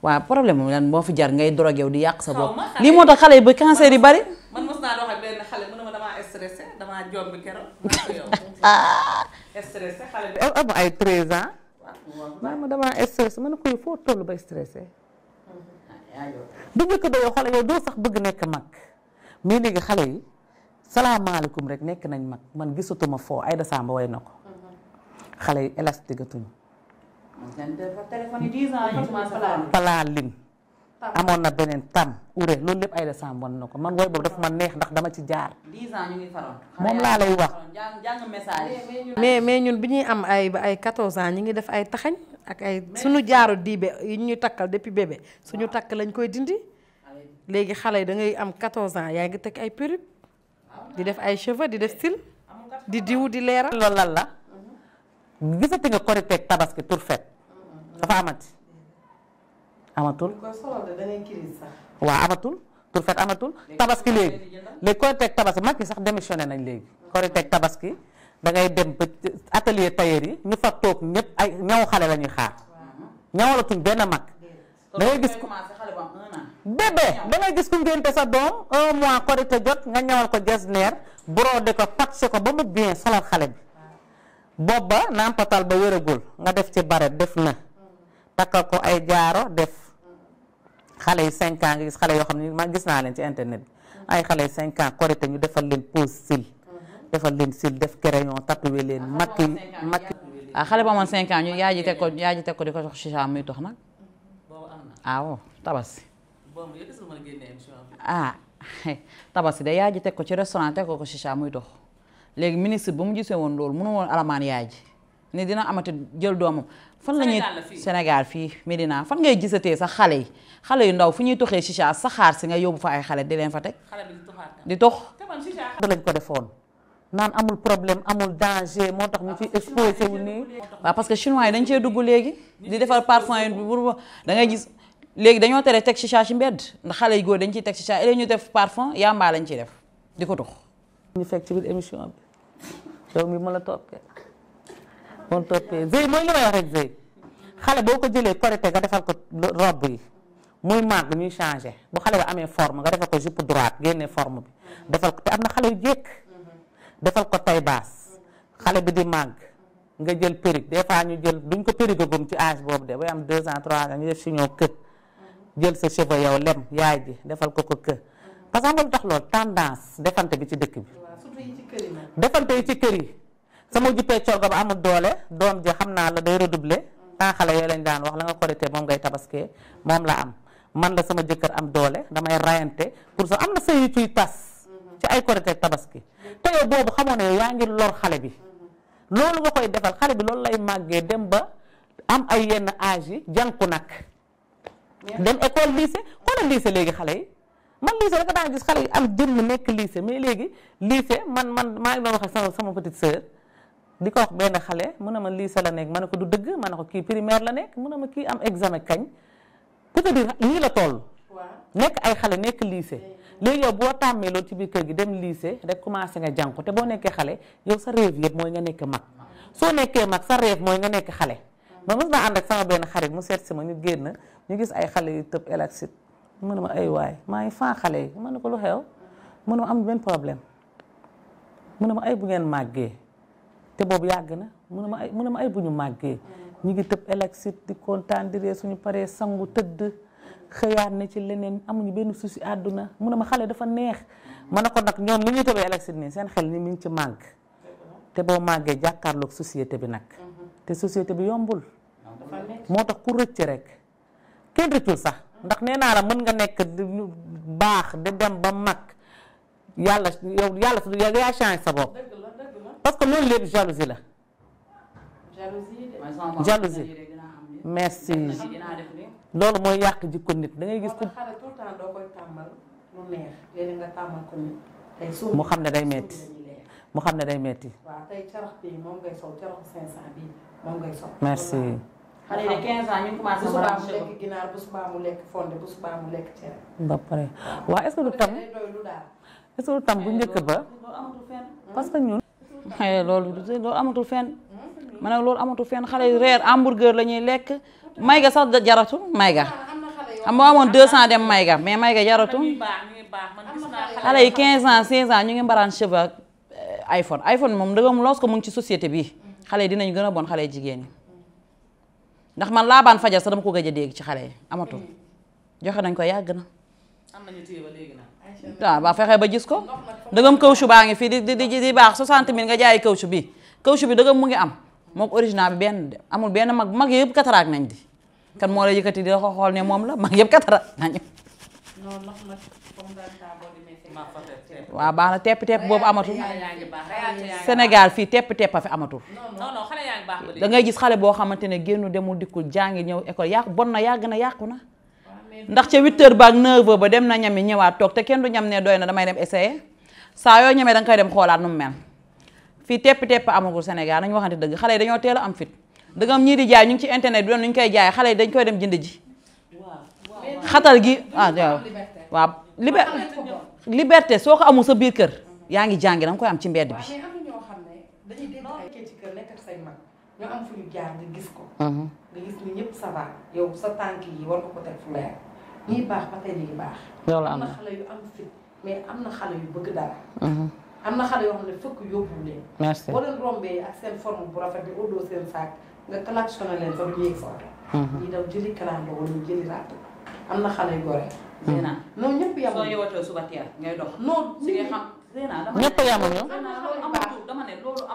wa problème mo lan bo fi jar ngay drogué yow di yak sa bop li mo tax xalé yi cancer yi bari man mos do xal ben xalé mo dama stressé dama jom bi kéro stressé xalé bi am ay 13 ans maa mo dama stressé man ko fo tollu ba stressé bu njëkk ba yow xale yow doo sax bëgg nek mak mi ni nga xalé yi salam alaykum rek nek nañ mak man gisatuma da sa ba way nako xalé mhm. yi élastigatuñu palaa lim amoon na beneen tam ure loolu lépp ay desam bon na ko man wooy boobu dafa ma neex ndax dama ci jaar moom laa lay wax mais mais ñun bi ñuy am ay ay quatorze ans ñi ngi def ay taxañ ak ay suñu jaaru diibe yi ñuy takkal depuis bébé suñu takk lañ koy dindi léegi xale yi dangay am quatorze ans yaa ngi teg ay perruque di def ay cheveux di def style di diw di leeral loolu lan la gisati nga korite ak tabaski tur fet dafa amati amatul. waaw amatul tur fet amatul tabaski léegi léegi korite ak tabaski mag yi sax démissionné nañ léegi korite ak tabaski da ngay dem ba atelier tailleur yi ñu fa toog ñëpp ay ñaw xale la ñuy xaar ñawalatuñ benn mag da ngay gis ku bébé da ngay gis ku ngénte sa doom un mois korite jot nga ñawal ko jesneer brodé ko patché ko ba mu bien solal xale bi bopp ba nàmpatal ba wéragul nga def ci baret def na takkal ko ay jaaro def xale yu cinq nga gis xale yoo xam ne ma gis naa leen ci internet bi ay xale yu cinq ans korite ñu defal leen pose sil defal leen sil def crayon tatoué leen ah, makki makki ah, xale bu amoon cinq ans ñu yaay ji teg ko ko di ko jox chicha muy dox nag ah, aw tabaski ah <laughs> tabaski da yaay ji teg ko ci restaurant teg ko ko chicha muy dox léegi ministre ba mu gisee woon loolu mënu woon alamaan yaay ji ni dina amata djel domam fan lañuy Sénégal fi Médina fan ngay gissete sax xale xale yu ndaw fu ñuy toxé chicha saxaar si nga yobu fa ay xale di len fa teg di tox lañ ko defoon nan amul problème amul danger motax tax ñu fi exposé wu ni wa parce que chinois dañ ci dugg léegi di defal parfum yi da ngay giss léegi dañoo tere tek chicha ci mbedd ndax xale yu góor dañ ci tek chicha et ñu def parfum yàmbaa lañ ci def di ko tox ñu fekk ci biir émission bi yow mi ma la toppee moom toppee zëy mooy li wax rek zëy xale boo ko jëlee correcté nga defal ko robe yi muy màgg ñuy changé bu xale bi amee forme nga defal ko jupe droite génne forme bi defal ko te am na xale yu jékk defal ko taille basse xale bi di màgg nga jël perruque des fois ñu jël duñ ko perruque gum ci âge boobu de bay am deux ans trois ans ñu def si ñoo kë jël sa cheveux yow lem yaay ji defal ko ko kë parce que xam nga lu tax loolu tendance defante bi ci dëkk bi defante yi ci kër yi sama juppee corgo ba amul doole doom ja xam naa la day redoubler temps xale yooyu lañ daan wax la nga korité moom ngay tabaskee moom la am man la sama jëkkër am doole damay rayante pour sa am na sëy yu ciy tas mhm. ci ay korité tabaski te yow boobu xamoo ne yaa ngi lor xale bi mhm. loolu nga koy defal xale bi loolu lay màggee dem ba am ay yenn âge yi jànku nag dem école lycée xoolal lycée léegi xale yi man lycée rek daa gis xale yi am jëmm nekk lycée mais léegi lycée man man maa ngi doon wax ak sama sama petite di ko wax benn xale mun ne ma lycée la nekk ma ne ko du dëgg man ne ko kii primaire la nekk mu ne ma kii am examen kañ pour te dire nii la toll. nekk ay xale nekk lycée. Mm-hmm. léegi yow boo tàmmee loolu ci biir kër gi dem lycée rek commencé nga jànku te boo nekkee xale yow sa rêve yëpp mooy nga nekk mag soo nekkee mag sa rêve mooy nga nekk xale. Mm-hmm. ma mës naa ànd ak sama benn xarit mu seet si ma ñu génn ñu gis ay xale yu tëb mu ne ma ay waay maa ngi faa xale yi ma ne ko lu xew mu ne ma am benn problème mu ne ma ay bu ngeen màggee te boobu yàgg na mu ne ma ay mu ne ma ay bu ñu màggee ñu ngi tëb électrique di kontaan di ree suñu paree sangu tëdd xëyaat na ci leneen amuñu benn souci àdduna mu ne ma xale dafa neex ma ne ko nag ñoom li ñuy tëbee électrique nii seen xel ni mi ngi ci màgg te boo màggee jàkkaarloog société bi nag mm-hmm. te société bi yombul moo tax ku rëcc rek kenn rëccul sax ndax nee naa la nga nekk baax di dem ba mag yàlla yow yàlla su yaa changé sa bopp parce que loolu lépp jalousie la jalousie merci loolu mooy yàq jikko nit da ngay gis ko mu xam ne day metti mu xam ne day metti merci xale yi de 15 ans ñu commencé. subaa mu est-ce que du tam. est-ce du tam bu njëkk ba. parce que ñun. loolu loolu amatul fenn. Hmm? Hmm? ma ne loolu amatul fenn xale yu reer hamburger la ñuy lekk. mayga sax jaratu mayga. am na amoon 200 dem mayga mais mayga jaratu. xale yi 15 ans 16 ans ñu ngi mbaraan cheveux eh, iPhone iPhone moom dëgg moom loos ko mu ngi ci société bi. Hmm. xale yi dinañ gën a bon xale jigéen ñi. ndax man laa baan fajar sax dama ko gëj a dégg ci xale yi amatul joxe nañ ko yàgg na. am nañu ba fexe ba gis ko dëggam kawsu baa ngi fii di di di baax 60 000 nga jaay kawsu bi kawsu bi dëggam mu ngi am moo ko original bi benn amul benn mag mag yëpp kataraak nañ di kan moo la yëkkati di la ko xool ne moom la mag yëpp kataraak nañu. waaw baax na tepp tepp boobu amatul Sénégal fii tepp tepp a fi amatul da ngay gis xale boo xamante ne génnu demul dikkul jàngi ñëw école yàqu bon na yàgg na yàqu na ndax ca 8 heures ba ak 9 ba dem na ñami ñëwaat toog te kenn du ñam ne doy na damay dem essayer saa yoo ñamee da nga koy dem xoolaat nu mel fii tepp tepp amagul Sénégal nañu waxante dëgg xale yi dañoo teel am fit dëggam ñii di jaay ñu ngi ci internet bi doon ñu koy jaay xale yi dañ koy dem jënd ji xatal gi ah, liberté soo ko amul sa biir kër yaa ngi jàngi danga koy am ci mbedd bi. dañuy dégg ay kër ci kër nekk am gis ko. Mhm. nga gis yow sa tànk yi war nga ko teg fu leer na xale yu am fit mais am na xale yu bëgg dara. Mhm. am na xale yoo xam ne fëkk yóbbu leen. merci boo leen rombee ak seen forme bu rafet bi odoo seen saak nga klaxonné leen ba du ñuy foto. Mhm. ñii daw jëli kalaandoo wala ñu jëli ràtt. amna xalé goré yu gore. Zeyna non ñëpp yam suba teel ngay dox. non si xam Zeyna dama ñëpp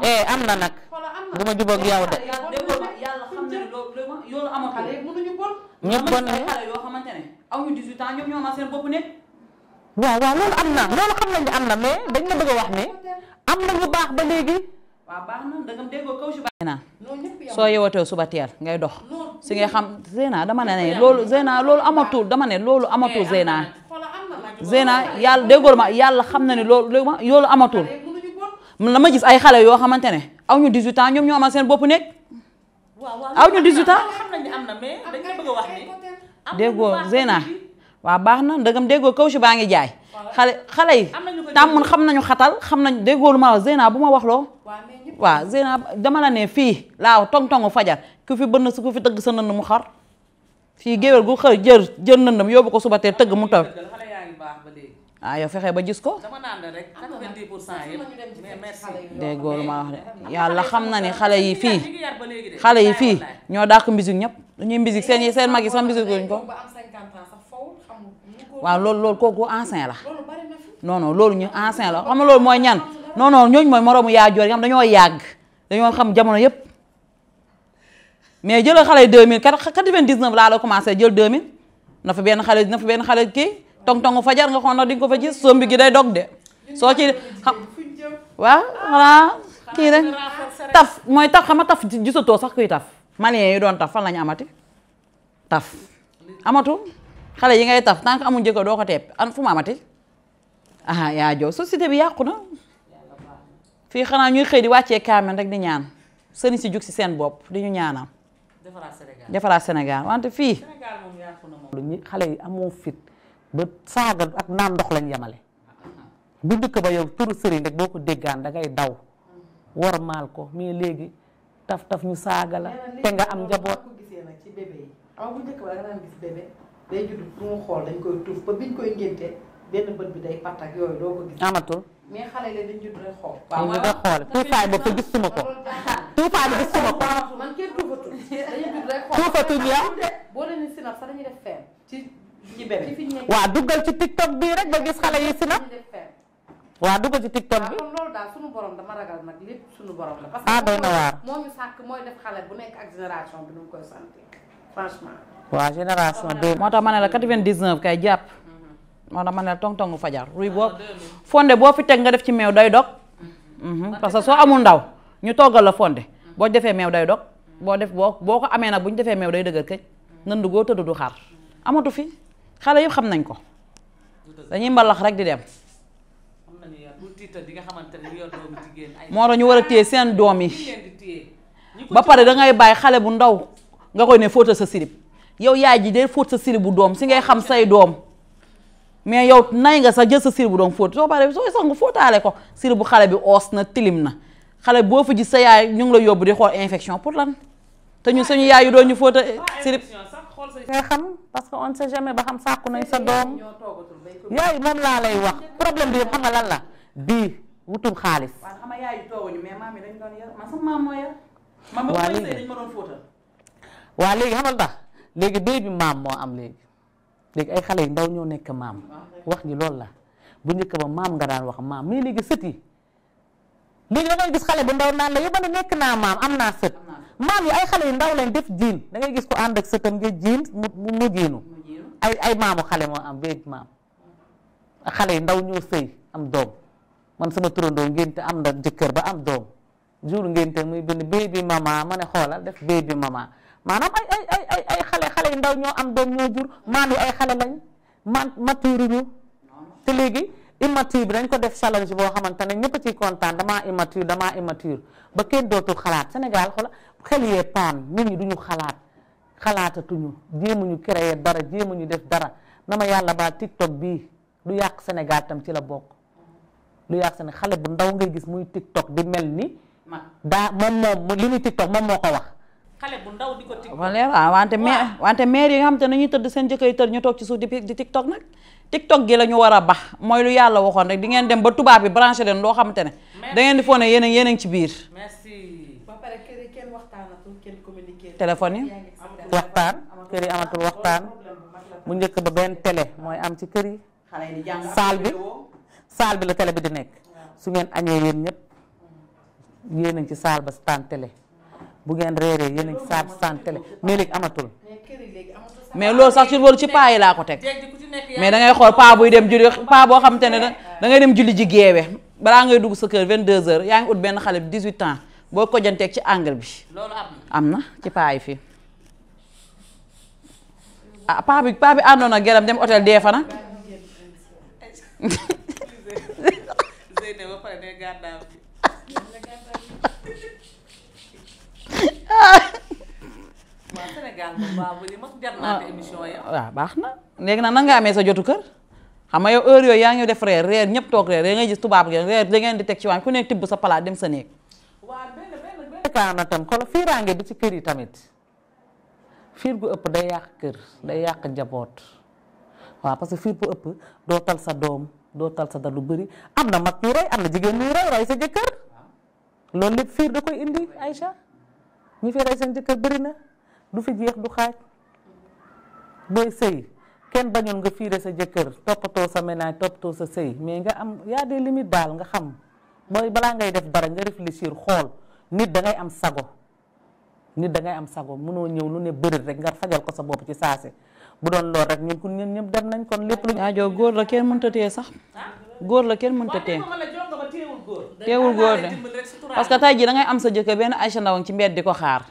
eh am nak. nag. bu ma jubóog yow de. yàlla xam na ne loolu yoonu amatul. xale yi ñëpp bon ne xale xam nañ ne mais dañ la bëgg wax ne am ñu baax ba léegi. waaw baax na dëggam déggoo kaw si baax. soy yeewatee suba teel ngay dox si ngay xam zena dama ne lolu zena lolu amatu dama ne lolu amatu zena zena yàlla degor ma yàlla xam na ne loolu loolu amatul dama gis ay xale yo xamantene ne aw ñu 18 ans ñom ñoo am seen bop nek aw ñu 18 ans xam amna mais dañ bëgg wax ni baax zena wa baxna ndegam si baa baangi jaay xale xale tamun xam nañu xatal xam nañu déggoo lu ma wax Zeyna wax loo waaw Zeyna dama la ne fii laaw tong-tongu fajar ku fi bënn su ku fi tëgg sa nënd mu xar fii géwél gu xër jër jër nëndam yóbbu ko suba te tëgg mu taw ah fexe ba gis ko. yàlla xam na ni xale yi fii xale yi fii ñoo dàq musique ñëpp dañuy musique seen seen mag yi sax musique duñ ko. waaw loolu lool kooku ancien la. non non loolu ñu ancien la xam nga loolu mooy ñan. non non ñooñu mooy moroomu yaa joor yi nga xam dañoo yàgg dañoo xam jamono yépp mais jëlal xale yi 2000 99 laa la commencé jël 2000 na fa benn xale na fa benn xale kii tong-tongu fajar nga xool di nga ko fa gis sombi gi day dog de soo ci xam waaw xanaa kii rek taf mooy taf xam nga taf gisatoo sax kuy taf malien yi doon taf fan lañu amati taf amatu xale yi ngay taf tant que amul jëkkër doo ko teeb an fu mu amati ah yaa jow société bi yàqu na fi xana ñuy xey di wacce kamel rek di ñaan sëriñ ci juk ci seen bop di ñu ñaanal. defara senegal defara senegal wante fii. Sénégal moom yàqu na mo xale fit ba sagal ak naan dox lañ yamalé bu dëkk ba yow turu serigne rek boko ko déggaan da ngay daw. wor mal ko mais légui taf taf ñu sagal la. te nga am njaboot ci bébé aw bu dëkk ba nga naan gis bébé day judd bu mu xool dañ koy tuuf ba biñ koy ngénte benn bët bi day patak yoy do ko gis. amatul. mais xale la dañ judd rek xool. waaw waaw dañu xool tuufaay boobu te gisuma ko. tuufaay bi gisuma ko. man kenn tuufatul sinap sax dañuy ci ci bébé waaw rek ba gis xale yi sinap. waa duggal ci tiktok bi. kon loolu daal borom dama ragal nag lépp sunu borom la. Ah, parce que moo ñu sàkk mooy def xale bu nekk ak génération bi nu mu koy sant moo tax ma ne la 99 kay jàpp. moo tax ma ne la tong tongu fajar ah, ruy boo fonde boo fi teg nga def ci meew day dog mm-hmm. Mm-hmm. parce que soo amul ndaw ñu toggal la fonde mm-hmm. boo defee meew day dog boo def boo boo ko amee nag bu ñu defee meew day dëgër këj nënd goo tëdd du xaar amatu fi xale yëpp xam nañ ko dañuy mbalax rek di dem moo tax ñu war a téye seen doom yi ba pare dangay bàyyi xale bu ndaw nga koy ne fóotal sa sirip yow yaay ji dee fóot sa sirip bu doom si ngay xam say doom mais yow nay nga sax jël sa sir bu doon fóot soo paree soo sax nga fóotaale ko sir bu xale bi oos na tilim na xale boo fa gis sa yaay ñu ngi la yóbbu de xool infection pour lan ñu ñun ñu yaay yu doo ñu fóota sirib nga xam parce que on sait jamais ba xam sàkku nañ sa doom yooyu moom laa lay wax problème bi yëpp xam nga la bii wutum xaalis waa léegi xamal tax léegi bi maam moo am léegi léegi ay xale yu ndaw ñoo nekk maam wax ji lool la bu njëkk ba maam nga daan wax maam mais léegi sët yi léegi da gis xale bu ndaw naan la yóbba ne nekk naa maam am naa sët maam yi ay xale yu ndaw lañ def jiin da ngay gis ko ànd ak sëtam nga jiin mu mu jiinu ay ay maamu xale moo am yu ndaw ñoo sëy am doom man sama turandoo ngénte am jëkkër ba am doom jur ngénte muy benn baby mama ma ne xoolal def baby mama maanaam ay ay ay xale xale yu ndaw ñoo am doom ñoo jur maandu ay xale lañ man mature ñu te léegi immature bi dañ ko def challenge boo xamante ne ñëpp ciy kontaan damaa immature damaa ba kenn dootul xalaat senegal xoola xel yee paan nit ñi duñu xalaat xalaatatuñu jéemuñu créer dara jéemuñu def dara na ma yàlla baal TikTok bii lu yàq Sénégal tam ci la bokk lu yàq Sénégal xale bu ndaw ngay gis muy TikTok di mel ni daa moom moom li muy TikTok moom xale bu ndaw wante mais wante maire yi nga xam te nañuy tëdd seen ñu ci suuf di tiktok nak? tiktok gi la ñu bax mooy lu rek di ngeen dem ba tubaab bi branché leen loo xamante ne da ngeen di foog ne yéen ci biir merci ba pare téléphone yi waxtaan amatul waxtaan bu njëkk ba benn télé am ci kër yi saal bi saal bi la télé bi di nekk su ngeen ci ba télé bu ngeen reeree yéen a saat saan télé mais amatul mais loolu sax ci loolu ci paa yi laa ko teg mais dangay ngay xool paa dem julli paa boo xam te ne da ngay dem julli ji geewe balaa ngay dugg sa kër 22h yaa ngi ut benn xale bi 18 ans boo ko janteeg ci angle bi. loolu am na ci paa yi fii. ah paa bi paa bi àndoon ak geram dem hôtel dee fa nag. waaw baax na léegi yow heure yooyu yaa def reer reer ñëpp toog reer reer gis tubaab gi reer da ngeen di teg ci waañ ku ne tibb sa palaat dem sa néeg waaw benn benn benn kaa tam kon fiiraange bi ci kër yi tamit fiir gu ëpp day yàq kër day yàq njaboot waaw parce que fiir bu ëpp doo tal sa doom tal sa sa loolu fiir da koy indi Aïcha ñi fi rey di jëkkër bëri na du fi jeex du xaj boy sey ken bañon nga fiire sa jëkkër topato sa ménage topato sa sey mais nga am ya des limites daal nga xam boy bala ngay def dara nga réfléchir xol nit da ngay am sago nit da ngay am sago mëno ñew lu ne bëri rek nga fajal ko sa bop ci sasé bu doon lool rek ñun ñun ñëpp dem nañ kon lepp lu. aajo góor la mën ta té sax góor la mën ta té teewul góor de parce que tay ji da ngay am sa jëkke ben Aïcha Ndawang ci mbéd diko xaar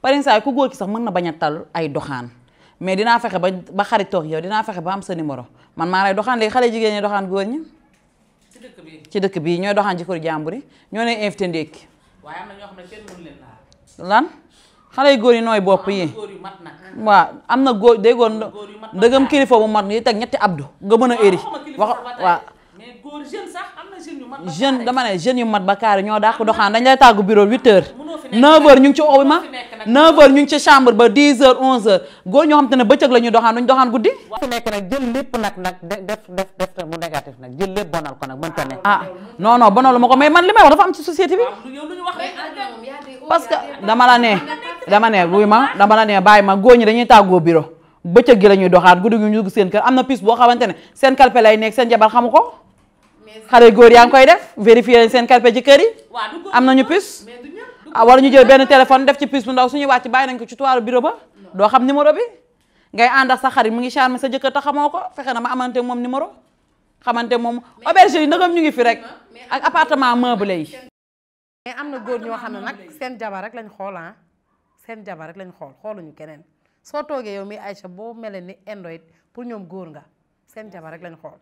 parin sa ku góor ki sax mëna baña tal ay doxaan mais dina fexé ba ba xarit tok yow dina fexé ba am sa numéro man ma lay doxaan léegi xalé jigéen ñi doxaan góor ñi ci dëkk bi ci dëkk bi ñoy doxaan ci jàmbur yi ñoy lay invité ndékki waye am na ñoo xamné ne kenn mënu leen laal lan xalé goor yi noy bop yi wa amna goor góor déggoon dëggam kilifa bu mat ni tek ñetti abdu nga mëna eri wa góor jeune sax am na jeune yu mat. jeune ba kaari ñoo dàq doxaan dañ lay tàggu bureau 8h. 9h ñu ngi ci obi ma 9h ñu ngi ci chambre ba 10h 11h góor ñoo xam te ne bëccëg la ñuy doxaan duñ doxaan guddi. fi mu négatif nag jël lépp bonal ko ah, ma ko mais man li may wax dafa am ci société bi. Ah, ne seen kër am na pis boo seen kalpe lay nekk seen jabar xamu ko xale góor yaa ngi koy def vérifier seen kalpe ci kër yi. am nañu puce. ah wala ñu jël benn téléphone def ci puce bu ndaw suñuy wàcc bàyyi nañ ko ci toiru bureau ba. doo xam numéro bi. ngay ànd ak sa xarit mu ngi charme sa jëkkër te xamoo ko fexe na ma amante moom numéro. xamante moom auberge yi ndagam ñu ngi fi rek ak appartement meublé yi. mais am na góor ñoo xam ne nag seen jabar rek lañ xool ah. seen jabar rek lañ xool xoolu ñu keneen soo toogee yow mi Aïcha boo mel ni Endo pour ñoom góor nga seen jabar lañ xool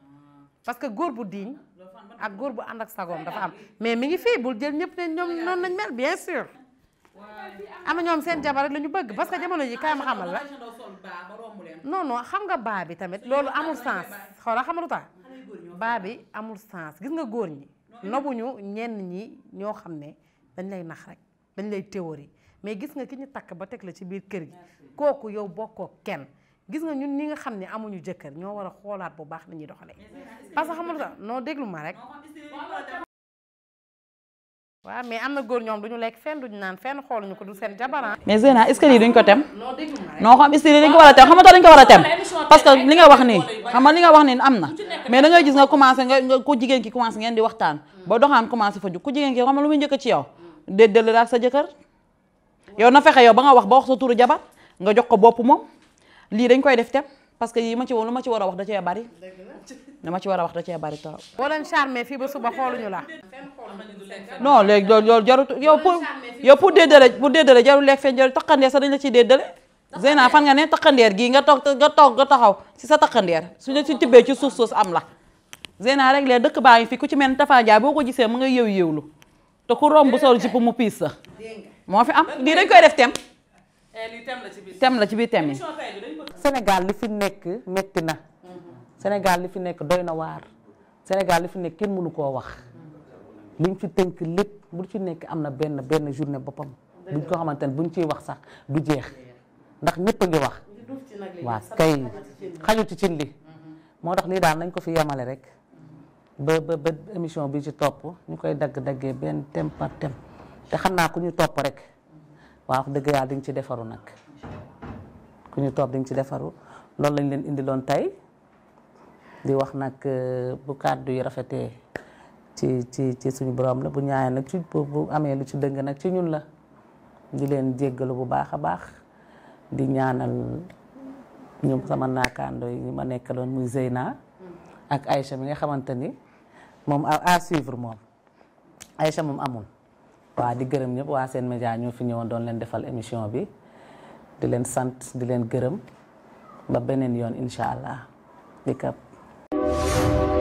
ak góor bu ànd ak sagoom dafa am mais mi ngi fii bul jël ñëpp ne ñoom noonu nañ mel bien sûr am na ñoom seen jabar rek la ñu bëgg parce que jamono ji kaay ma xamal la non non xam nga baa bi tamit loolu amul sens xoola xamalu tax baa bi amul sens gis nga góor ñi nobuñu ñenn ñi ñoo xam ne dañ lay nax rek dañ lay théorie mais gis nga ki ñu takk ba teg la ci biir kër gi kooku yow bokkoo kenn gis nga ñun ñi nga xam ne amuñu jëkkër ñoo war a xoolaat bu baax nañuy doxalee parce que xamul sax noo déglu rek waaw mais am na góor ñoom duñu lekk fenn duñu naan fenn xooluñu ko du seen jabaran ah. mais Zeyna est-ce que lii duñ ko tem noo xam istri dañ a tem dañ ko war a tem parce que li nga wax nii xam li nga wax nii am na mais da ngay gis nga commencé nga ku jigéen ki commencé ngeen di waxtaan ba doxaan commencé fa jug ku jigéen ki xam nga lu muy njëkk ci yow déedéet la ak sa jëkkër yow na fexe yow ba nga wax ba wax sa turu jabar nga jox ko bopp moom li dañ koy def tem parce que yi ma ci woon lu ma ci wara wax da ci bari lu ma ci wara wax da ci bari taw boo leen charmer ba suba xooluñu la. non léegi do loolu jarut yow pour yow pour déedéel pour déedéel jarul lekk fen jarul takandé sa dañ la ci déedéel. Zeyna fan nga né takkandeer gi nga tok nga tok nga taxaw ci sa takkandeer suñu ci tibé ci sous sous am la. Zeyna rek lee dëkk baa fi ku ci mel Tafa ja boko gisé ma nga yew yewlu te ku romb sol pou mu pisse mo fi am di dañ koy def tem. Eh, tem la ci biir thème yi Sénégal li fi nekk metti na senegal li fi nekk doy na waar senegal li fi nekk kenn mënu koo wax liñ fi tënk lépp bu ci nekk am na benn benn journée boppam buñ ko xamante ne buñ ciy wax sax du jeex ndax ñëpp a ngi wax waa kay xaju ci cin li mm-hmm. moo tax lii daal nañ ko fi yemale rek ba ba ba émission bi ci topp ñu koy dagg-daggee benn thème par thème te xam naa ko ñu topp rek waaw dëgg yàlla di nga ci defaru nag ku ñu toog di nga ci defaru loolu lañ leen indi loon tey di wax nag euh, bu kàddu yi rafetee ci ci ci suñu borom la bu ñaawee nag ci bu amee lu ci dëng nag ci ñun la di leen jéggalu bu baax a baax di ñaanal ñu sama naakaandoo yi ma nekkaloon muy Zeyna ak Aïcha mi nga xamante ni moom à suivre moom Aïcha moom amul waa di gërëm ñëpp waa seen média ñoo fi ñëwoon doon leen defal émission bi di leen sant di leen gërëm ba beneen yoon incha allah di